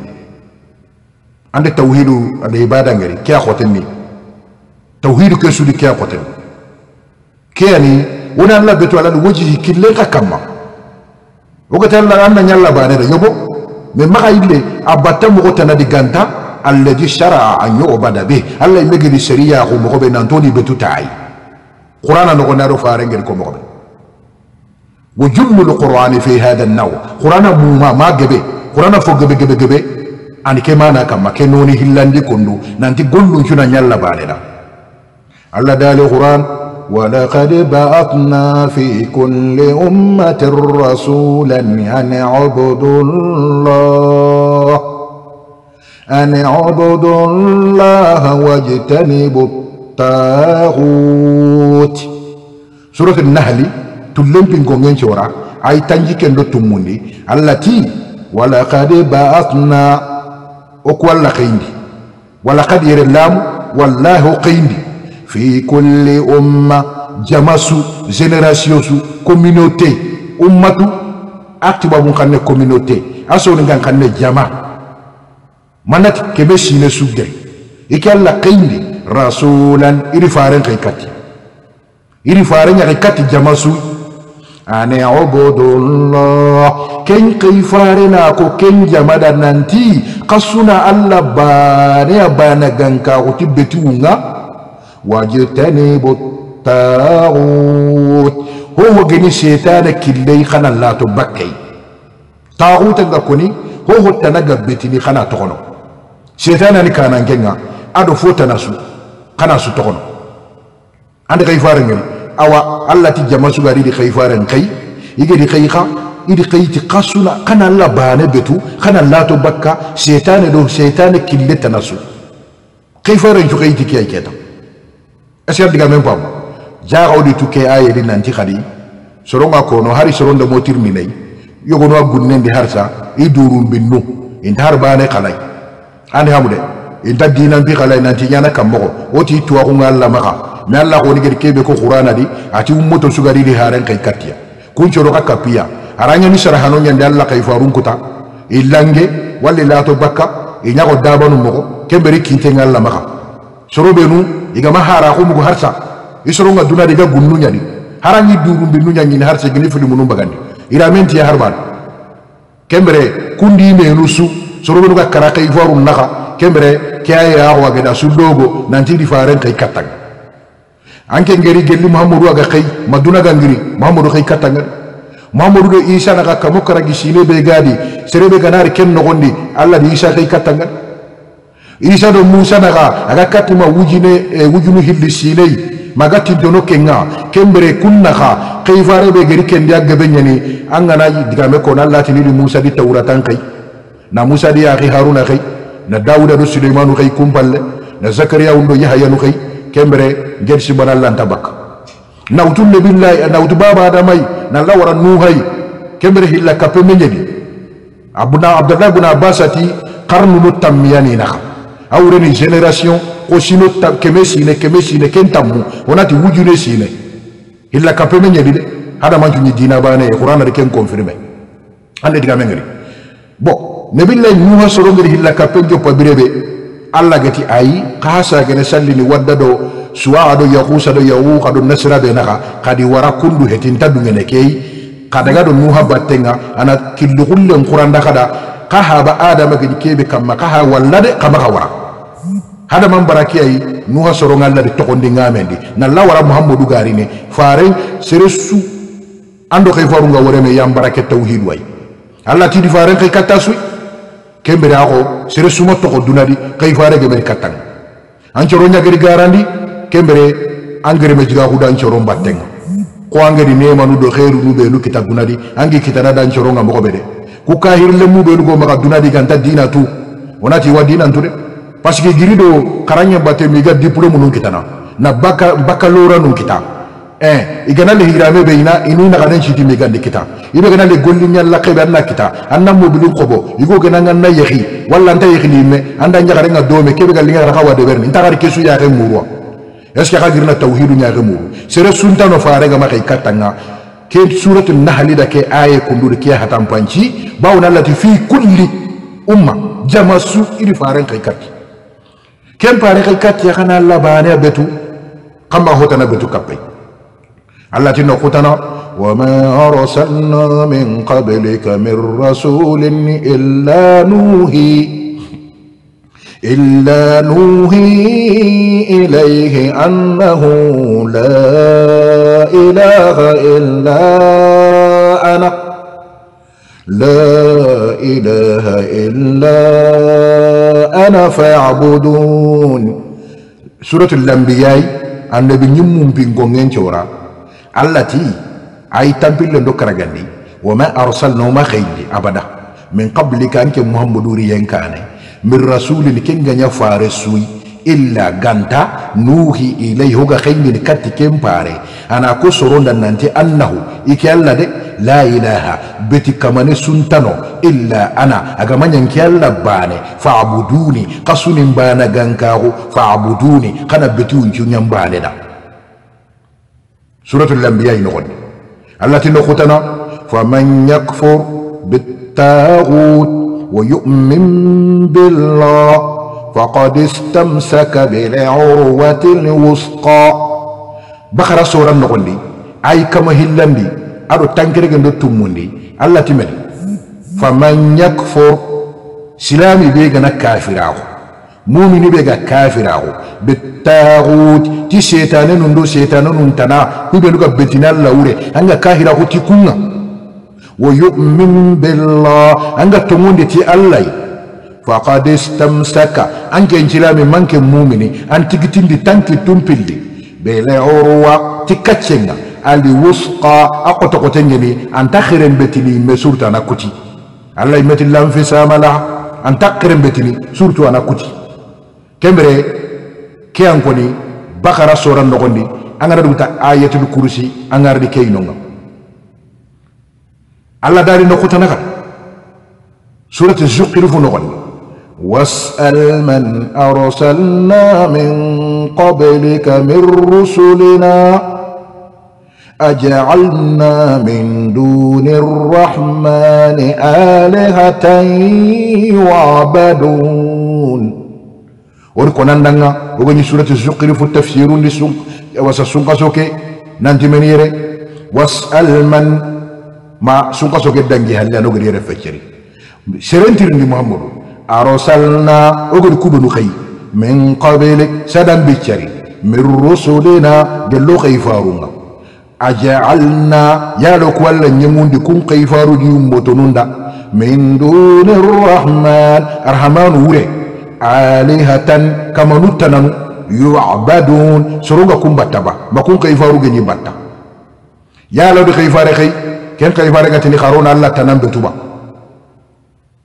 ande tawhidu ande ibada ngari kya khotemi tawhidu kesudi kya khotemi كياني ونا لا بتو على الوجه كله كما وقت الله أن نجلا بانه يبو من ما قيل مو أبتدأ مقتنا دعانتا الذي شرع أن يعبد به الله يمجد مو ومقبل نانتوني بتو تعي قرآن نقول نارو فارن غير مو وجمل القرآن في هذا النوع قرآن مو ما جبه قرآن فوق جبه جبه جبه أني كمانا كما كنوني هلاندي كنو نانتي قلو نشونا نجلا بانه الله دالي قرآن ولقد بعثنا في كل أمة رسولا أن اعبدوا الله أن اعبدوا الله واجتنبوا الطاغوت سورة النهل تلم بنقومين شورا أي تنجي كندو تموني التي ولقد بعثنا أكوال قيندي ولقد يرلام والله قيندي fi kulli umma jamasu génération su communauté ummatu acti babu xan ne communauté a sooningan xan ne jama manati keɓe sine sugde i ke alla xeyndi rasulan iri faren xey kati iri fare ñaxi kati jama su an ibudullah ken xey farena ko ken jamada nanti xa suna alla baane a baana gan ka xuti beti wunga واجتنبوا الطاغوت هو جني شيطان كلي خنا لا تبكي طاغوت كوني هو تنقب بتني خنا تغنو شيطان اللي كان انجنا ادو فوت ناسو خنا سو تغنو عند خيفارن اوا الله تجمع سو غادي خيفارن كي يجي دي خيخا يدي خيتي kasuna خنا لا بان بتو خنا لا to شيطان دو do shaytan تناسو tanasu kayfa ranju kayti كيتم est ce que adiga men pam jaxawdi tukke ayeri nanti xadi soronga kono hari soronde mo terminey yogonoa gunnendi har sa i durum binnu inta har bane xalay ani xamu de inta dinanpi xalay nanti ñana kam moxo woti tuwaxunga lamaxa mais an laxoni gedi kebe ko xurana di ati moto sugaridi haren xey kattiya kun coroxa kappiya arañani saraxano ñande an laxay farun kuta i lange walla i lato bakka i ñaxo dabanu moxo kemberi kintenga lamaxa sorobenu iga mahara aku mugo harsa isoro duna diga gunnu nyani harangi duru be nu nyani harsa gini fuli munum bagandi ira menti ya harban kembere kundi menusu, nusu sorobe nu ga karaka ivoru naka kembere kaya ya wa geda su nanti di faren kai katang anke ngeri gelu mahamuru aga kai maduna gangiri mahamuru kai katang mahamuru isa naka kamukara karagi begadi serebe ganari ken nogondi alla di isa kay isa do musa naga aga katima wujine eh, wujunu hilli sinei maga tiddono kenga kembere kun naga keifare be geri kendi a gebe ñani a gana digame kono a latini di musa di tawuratan kay na musa di yaki haruna kay na dawuda do suleimanu kay kumballe na zakaria undo yahayanu kay kembere geri sibana lanta bakka nawtu nebillahi nawtu baba adamay nalla wara nuhay kembere hilla kappe me ñani abdullah ibne abbas ati xarnunu tammiyani naxam awre ni generation ko sino ta keme sine keme sine kentammu wonati wujune sine illa kapeme nyedi de hada manju ni dina bane qur'ana Qur'an ken confirmer ande diga mengeri bo nebillahi nuha sorongeri hilla kapenjo pabirebe alla gati ayi kasa gene salli ni do suwa ya yakusa do yawuka do nasira be naka kadi wara kundu hetinta dungene kei kadaga do nuha batenga ana killukullen qur'anda kada kaha ba adama gedi kebe kamma kaha wallade kama ka wara hadaman ayi nuha soronga la di tokondi ngamendi na lawara muhammadu garine fare seresu ando kay farunga woreme yam barake tawhid way ti tidi fare kay katasui kembere ako seresu mo toko dunadi kay fare gebere katang ancoro nyageri garandi kembere angere me jiga hudan coro batteng ko angere nema nu do khairu nu be kita kitagunadi angi kita nga mo bede ku le mu be lu go maka dunadi ganta dina tu onati wa dina parcque giri ɗo xaraya bate mi ga diplôme nun kitana na baka bakalora nun kita e igana le hirame be ina inu na ganen chiti mega de kita ibe gana le golli nyal la khibe na kita anna mobilu qobo igo gana ngan na yahi walla anta yahi ni me anda nya garenga do me kebe galinga raka wa de berni ntagar kesu ya re muwa est ce khadir na tawhid nya re muwa sere sunta no fare ga makai katanga ke suratul nahl da ke aye kundu ke hatam panchi bawna lati fi kulli umma jamasu iri fare kai katanga ken pare kal kat ya kana Allah bane betu kama hotana betu kapai Allah tinno hotana wa ma arsalna min qablika min rasulin illa nuhi إلا نوحي إليه أنه لا إله إلا أنا لا إله إلا أنا فاعبدون سورة الأنبياء النبي نمم بنقومين تورا التي أي تنبيل لنكرة وما أرسلنا وما خيلي أبدا من قبل كان محمد ريان كان من رسول لكن غنيا فارسوي إلا غانتا نوحي إليه غا خيلي لكتكين باري أنا كسرون دان نانتي أنه إكي الله دي لا إله بيتي كمان سنتانو إلا أنا أغمان ينكي الله باني فاعبدوني قصن بانا غنكاو فاعبدوني قنا بتون جنيان باني دا سورة الأنبياء نقول التي نقطنا فمن يكفر بالتاغوت ويؤمن بالله فقد استمسك بالعروة الوسطى بخرا سورة نقول أي كما هلندي aɗo tankirege nde tummundi allah timen fa man yakfor silami ɓe gana kafirako mumini ɓe ga kafirako ɓe taguti ti setane num ɗo setane num tana huɓe nuga betini allah wure anga kafirako ti kunga wo yumin billah anga tongode ti allahy faqad istamsaka anke cilami manke mumini an tigitindi tanki tumpilli ɓe le urwa ti kaccenga الوسقى أقوت قتنجلي أن تخرن بتلي مسورة أنا كتي الله يمتل لهم في ساملا أن تخرن بتلي سورة أنا كتي كمري كي أنكوني بقرة سورة نغني أنا ردوتا آية الكرسي أنا ردي كي نغم الله داري نقوت نغم سورة الزقرف نغني واسأل من أرسلنا من قبلك من رسلنا أجعلنا من دون الرحمن آلهة يعبدون وركو نندنا وغني سورة الزقر في التفسير لسوق وسسوق سوكي نانتي يري واسأل من ما سوق سوكي دنجي هلا نغري رفجري سرنتر محمد أرسلنا وغني كودو نخي من قبلك سدن بيتشري من رسولنا جلو خيفارونا أجعلنا يالك ولا نيموندي كم قيفارو جيوم بوتونوندا من دون الرحمن الرحمن وري آلهة كما نتنم يعبدون سروغا كم باتبا ما كم قيفارو جيني باتا يالا دي قيفاري خي كن قيفاري غتني خارون الله تنم بتوبا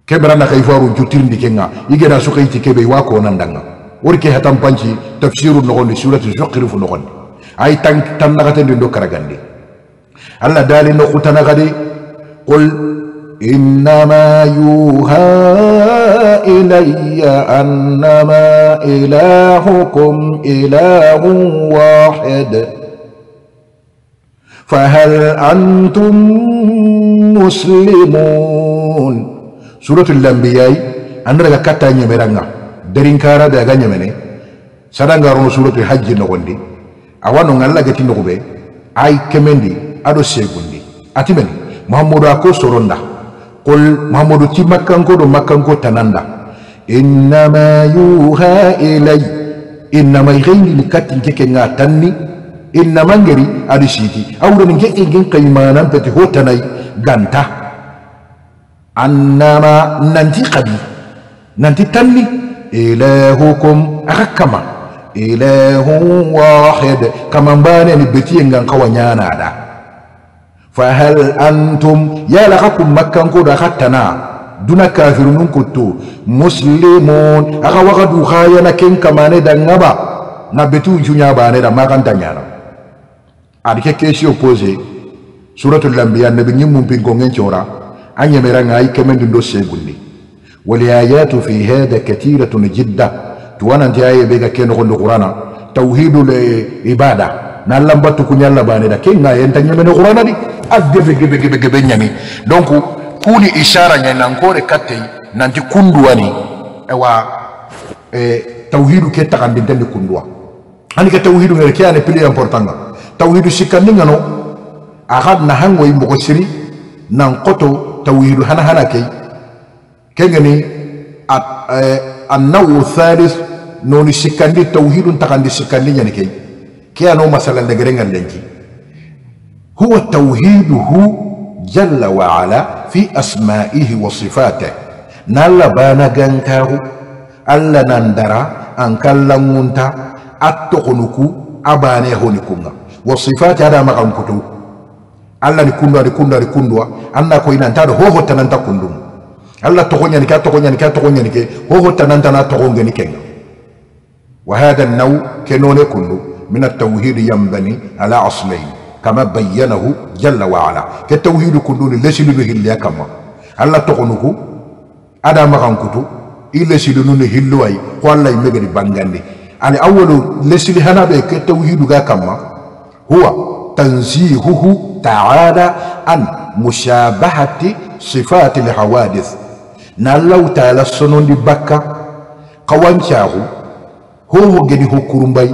كبرنا قيفارو جوتيرندي كينا يجينا سوكيتي كبي واكو نندنا وركي هتم بانشي تفسير نغني سورة الزقر في نغني ay tan tan nagate ndo karagandi alla no khuta qul inna ma yuha ilahukum ilahun wahid fahal antum muslimun suratul anbiya andra katanya meranga derinkara daga nyamene sadanga ro suratul hajj no wondi awa no ŋanla geti nogube ay kemendi ado segundi atimen mahamadu a ko soronda kol mahamadu ti makkanko do makkanko tananda innama yuha ilay innama ihayndini kattinke ke ŋa tanni innama ngeri adi siiti awurani ge e gen kay mananpeti ho tanay ganta annama nanti kadi nanti tanni ilahukum aga kama ilahu wahid kama mbane ni beti ngan da fa hal antum ya lakakum makkan ko da hatana duna kafirun kuntu muslimun aga waka du na ken kamane da ngaba na betu junya bane da makan tanyana adike kesi opposé suratul lambiya nabi nyimum pingo ngen chora anyemera ngai kemen ndo segundi wal ayatu fi hada kathiratun jiddah tuwananti aye bega ga keno gondo qur'ana tawhidul ibada na lambatu kunyalla bane da kenga yenta nyamene qur'ana di a gebe gebe gebe nyami donc kuni ishara nyana nankore katte nanti kunduwani ewa e, tawhidu ke tagandi dende kunduwa ani ke tawhidu ngere ke ane pili importanga tawhidu sikandi ngano agad na siri nan koto tawhidu hana hana ke kengeni at, e, النوع الثالث نوني سكاندي توحيد تقاندي سكاندي يعني كي كي أنو مثلا لغرين لنجي هو توحيده جل وعلا في أسمائه وصفاته نالا بانا غنكاه ألا نندرا أنكالا مونتا أتقنكو أباني هونكونا وصفاته هذا مغنكتو ألا نكوندوا نكوندوا نكوندوا أنا كوينا انتادو هو هو تنانتا كوندوا هلا تغني نكا تغني نكا تغني نكا هو تنان تنان تغني نكا وهذا النوع كنون كله من التوحيد ينبني على أصلين كما بينه جل وعلا كالتوحيد كله ليش لله إلا كما هلا تغنوه أدا مغان كتو إلا سيدنون هلوي قال الله يمجر بانجاني أنا يعني أول ليس لهنا بك التوحيد كما هو تنزيهه تعالى عن مشابهة صفات الحوادث na n'allahu taala sonondi bakka kawancaku howogeni hokurumbayi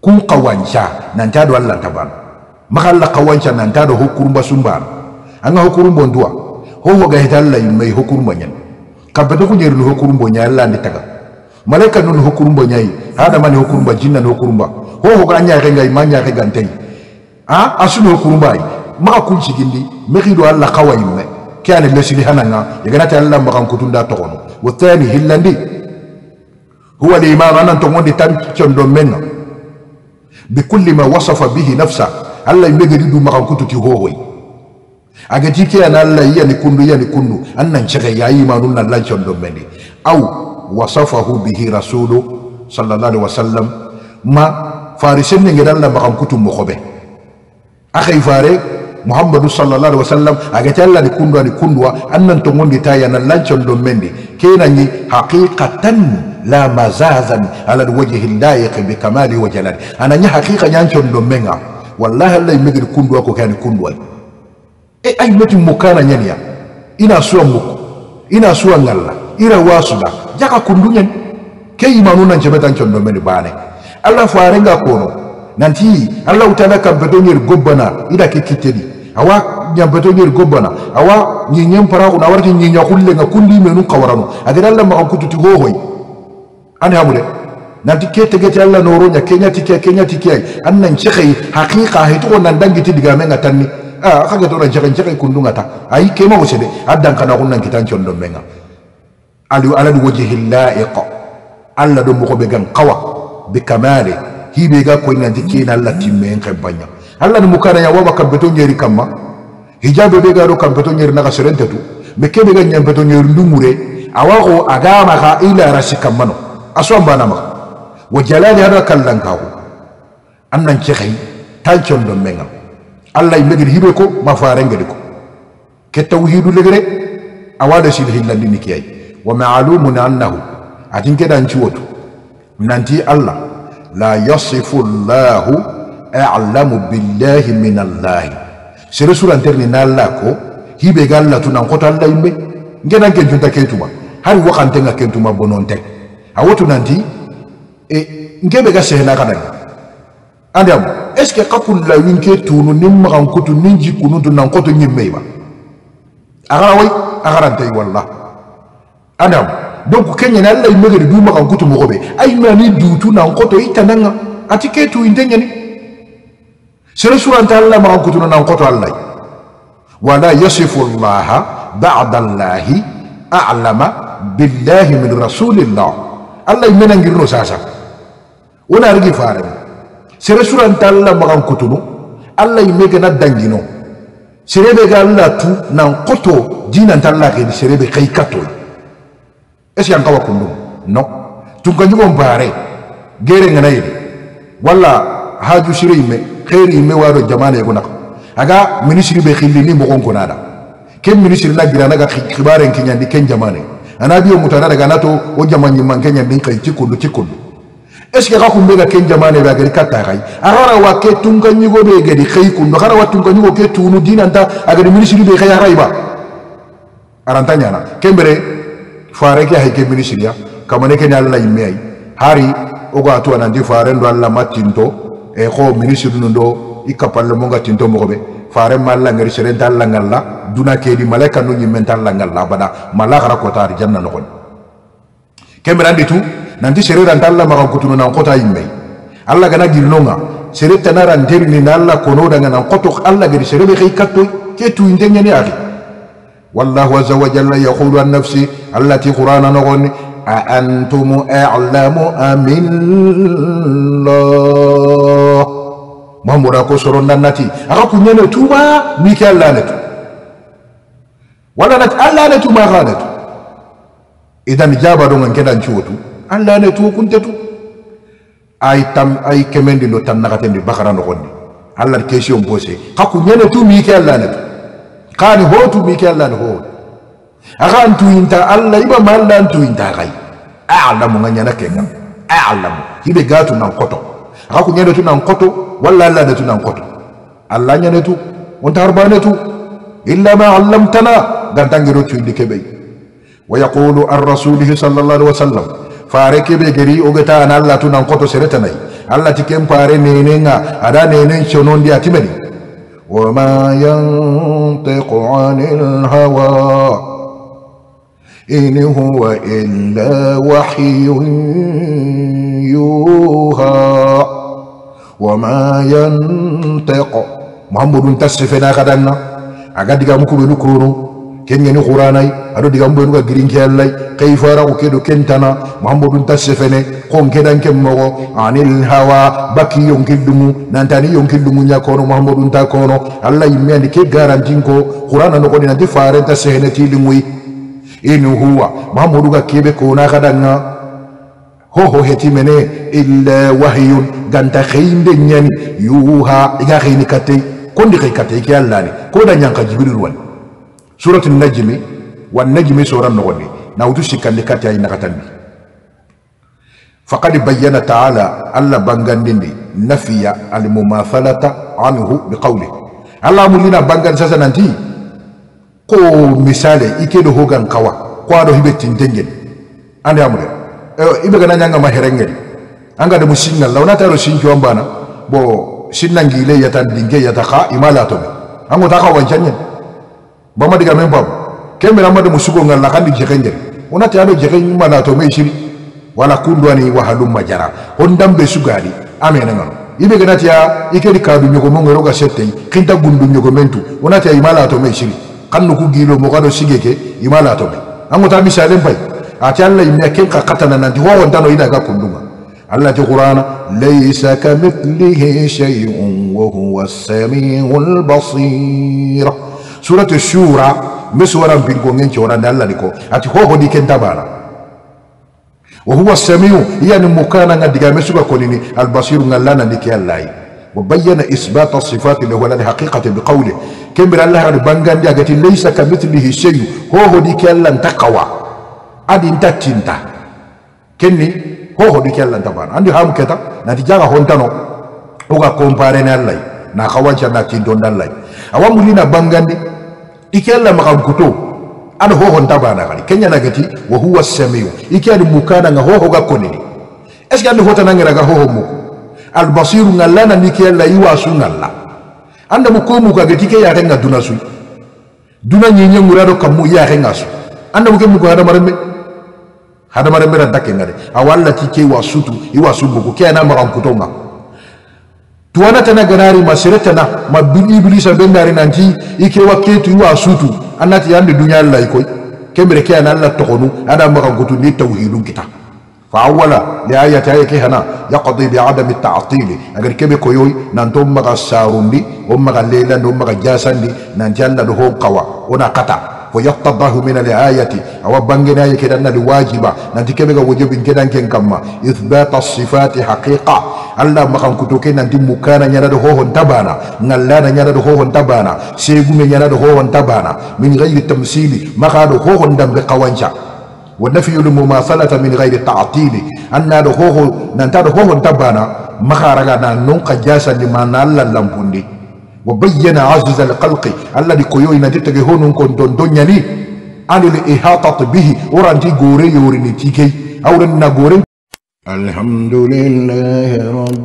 kun kawanca do allah taban maka allah kawanca nantaɗo hokurumba sumbano anga hokurumbo nduwa howoga hita allah yimmayi hokurumba ñan kabbata kuñerinu hokurumbo ñayi allah andi taga malaika nun hokurumbo ñayi haɗamani ho jinnan hokurumba howoga a ñakengayi ma ñakengantayi a ah, asuni hokurumbayi maka kuncigindi mekiɗo allah kawayino كان اللسلي هننا يغنات الله مغان كتون دا تغنو والثاني هلاندي هو الإمام أنا تغنو تام تندو منا بكل ما وصف به نفسه الله يمدري دو مغان كتو تهوهي أغتي كان الله يعني كنو يعني كنو أنا نشغي يا إمام أنا الله تندو مني أو وصفه به رسوله صلى الله عليه وسلم ما فارسين نجد الله مغان كتو مخبه أخي فارق muhammadu sallallahu alaihi wasallam aga ni kundwa ni kundwa annan to ngondi taya nan lancon don mendi kenani haqiqatan la mazazan ala wajhi layiq bi kamali wa jalali ananya haqiqa nyancon don menga wallahi allah imegir kundwa ko kani kundwa e ay meti mukana nyanya ina suwa muku ina suwa ngalla ira wasuda jaka kundunya ke imanuna njemeta nchon don mendi bane allah farenga kono nanti allah utana kampetonyer gobbana ida ke kiteli awa nyampato nyir gobana awa nyenyen para una warti nyenya kulle nga kulli menu kawarano agada Allah ma kutu ti hoy ani amule nanti ke tege ti Allah noro nya kenya ti kenya ti an nan chekai haqiqa he to nan dangi ti diga menga tanni a kaga to ran chekai kundunga ta ai ke ma wosede addan kana kunnan kitan chondo menga ali ala wajhi laiq Allah do mo ko be gan qawa bi kamale be ga ko nan ke na timmen kay banya alla ni mukana ya wama kampeto nyeri kama hijabe bega ro kampeto nyeri naga serente tu meke bega nyampeto nyeri ndumure awago agama ga ila rasi kamano aswa mbana ma wajalani hada kallangahu annan chekhai tanchon do menga alla imegir hibe ko mafarenge diko ke tawhidu legre awada sil hillandi nikiyai wa ma'lumun annahu atin kedan ciwotu nanti alla la yasifu allahu alamu billahi min allahi sere surantere ni alla ko hiɓe ga alla tu nan koto alla yimɓe ngenan kencunta kentuma hay wakantenga kentuma bononte a wotu nanti e ngeɓe ga sehna kanan andiam est ce que kakulla winke tunu nin magan kutu nin jikkunu tu nan koto ñimmeyba agara way agarantey walla andiam donc keñene alla yimme gedi du magan kutu mogoɓe ayimani duutu nan koto ittananga ati ke tuyinte ñani سر سورة الله ما كتنا نقط الله ولا يصف الله بعد الله أعلم بالله من رسول الله الله يمنع جرنو ساسا ولا رجع فارم سر سورة الله ما كتنا الله يمكن الدنجنو سر بيجا الله تو نقطه دين الله كذي سر بيجا كتو إيش ينقوا يعني كلهم نو تكنجوا بارة غير غنائي ولا هاجو شريمه kheri me wado jamana yego nak aga ministry be khilli ni mo gonko nada ken ministry na gira naga khibaren ni ken jamana ana biyo mutana daga nato o jamani man kenya bin kai cikondo cikondo est ce que ka kumbe ga ken jamana ba gari katta kai agara wa ke tunga ni go be gedi khai kundo agara wa tunga ni go ke tunu dina nda aga ministry be khaya raiba arantanya na kembere fare ke hay ke ministry ya kamane ke alla yimme ay hari ogo to anandi fare ndo alla matinto ey xo ministre nun ɗo i kapalle mo gatinto moxoɓe fare ma langer serenta langal la duna keeɗi malaika nu ñimmenta langal la bada mala xara kota ar janna noxon kemerandi tu nanti sereranta alla maxan kutunu nan xota yimmey alla gana girinonga sere tanara nderini na alla konodanga nan xoto alla geri sereɓe xey kattoy ke tuyinte ñeni axi wallahu aza wa jalla yaqulu an nafsi allati qurana noxonni a antum alamu aminlah mamura ko soro nannati ara ko ñane tuuba miki allanetu wallanati allanetu maxanetu idan jaba ɗo gan kedan cuwotu allanetu o kuntetu ay tam ay kemendi ɗo tan naxatendi bakara noxondi allah question pose xa ku ñane tu miki allanetu xani hotu miki allane howoni aga ntuinta alla iba malla ntuinta gai a'lamu nganya nakenga a'lamu hibe gatu na nkoto aga kunyendo tu na nkoto wala alla netu na nkoto alla nya netu onta harbane tu illa ma 'allamtana gantangiro tu indikebe ويقول عن رسوله صلى الله عليه وسلم فارك بجري اوغتا ان الله تنان قطو سرتناي الله تكم فاري نينينا ادا نينين شنون دي اتمني وما ينطق عن الهوى inihu wa ila waa youha wama ayaan tɛkɔ. nta taa sefennaa ka dannaa. A ga digaamu kurunuu kurunuu. Kee ŋe ne quraanaa inni alo digaamu kurunuu ka giriiŋkiyaanilaa. Qaifaarraa ko keedoo ke ntanaa. Mahammudu taa sefennaa. Ko nkeedan Ani nnhawaa baki yoon k-dumu. Nantanni yoon k-dumu nya kɔɔnɔ Mahammudu taa kɔɔnɔ. Ala yi mee a ni ke gaarantiin koo. Quraan nanogaa nina nti emi huwa mamoɗuga keɓe konakadaga hoho hetimene illa wahiyun ganta heyinde ñani yuha iga heyni kattey kondi hey kattey ke allani koda ñanka jibril wani surat najmi wa najmi soran nogondi nawutu sikkandi katte ay nakatandi faqad bayyana taala allah bangandindi nafiya almumathalata anhu biqawli allah mulina bangan sasa nanti ko misale ike do hogan kawa kwado hibe tindengen ande amure e eh, ibe gana nyanga maherengeri anga de musinga na taro sinjo ambana bo sinangi le yata dinge yata kha imala to ango taka ba bama diga memba kembe na de musugo ngalla kandi ona onati ado jekeng mana to me shiri wala kundwani wahalum majara hondambe sugali amena ngano ibe gana tia di kadu nyoko mongero ga sette kinta gundu nyoko mentu ta ya imala to me shiri kannu ku gilo mo gado sigeke imala to be ango ta misalen bay ati alla imya ken ka katana nanti ho won dano ida ga kunduma alla ti qur'ana laysa kamithlihi shay'un wa huwa as-sami'ul basir suratu shura miswara bilgo ngen chora dalla niko ati ho ho diken tabara wa huwa as-sami'u yani mukana ngadiga mesuka konini al-basir ngallana ndike allai وبين إثبات الصفات له على حقيقة بقوله كم بر الله عن بانغان دي أغتي ليس كمثله شيء هو هو دي كلا تقوى أدي انت تنتا كني هو هو دي كلا تبان عندي هام كتا نتيجة هونتانو هو كومبارين الله na kawancha na tindonda lai awamu lina bangandi ikella makankuto ana hoho ntabana kali kenya nagati wa huwa samiu ikya ni mukana nga hoho gakonini eske andi hota nangera ga hoho muko albasiru ngalla na nike iwa su ngalla anda mu ko mu ka ga ya renga duna su duna nyi nyi murado kamu ya renga su anda mu ke mu ko hada marembe hada marembe ra dake ngare awalla tike wa sutu iwa su buku ke na maran kutonga tuwana tana ganari masire tana mabili iblisa bendari nanti ike wa ketu iwa sutu anati yande dunya la ikoi kembere ke na la tokonu ada maran kutu ni tauhidun kita فأولا لآية تايك هنا يقضي بعدم التعطيل أجر كبي كويوي نانتو أمغا ساروندي أمغا ليلا أمغا جاسندي نانجانا لهم قوى ونا قطع ويتضح من الآية أو بانجنا آية يكدن الواجبة نانتي كبي وجب كدن كن كما إثبات الصفات حقيقة Allah makan kutoke nanti mukana nyana do hohon tabana ngallana nyana do hohon tabana segume nyana do hohon tabana min ghairi tamsili maka do ونفي المماثلة من غير تعطيل أن دخوه ننتهي دخوه تبانا مخارجنا ننقى جاسا لما نالا لمبندي وبين عزز القلق الذي كيوي نتتغي هون دون دنيا لي عن الإحاطة به ورانتي غوري يوريني تيكي أو الحمد لله رب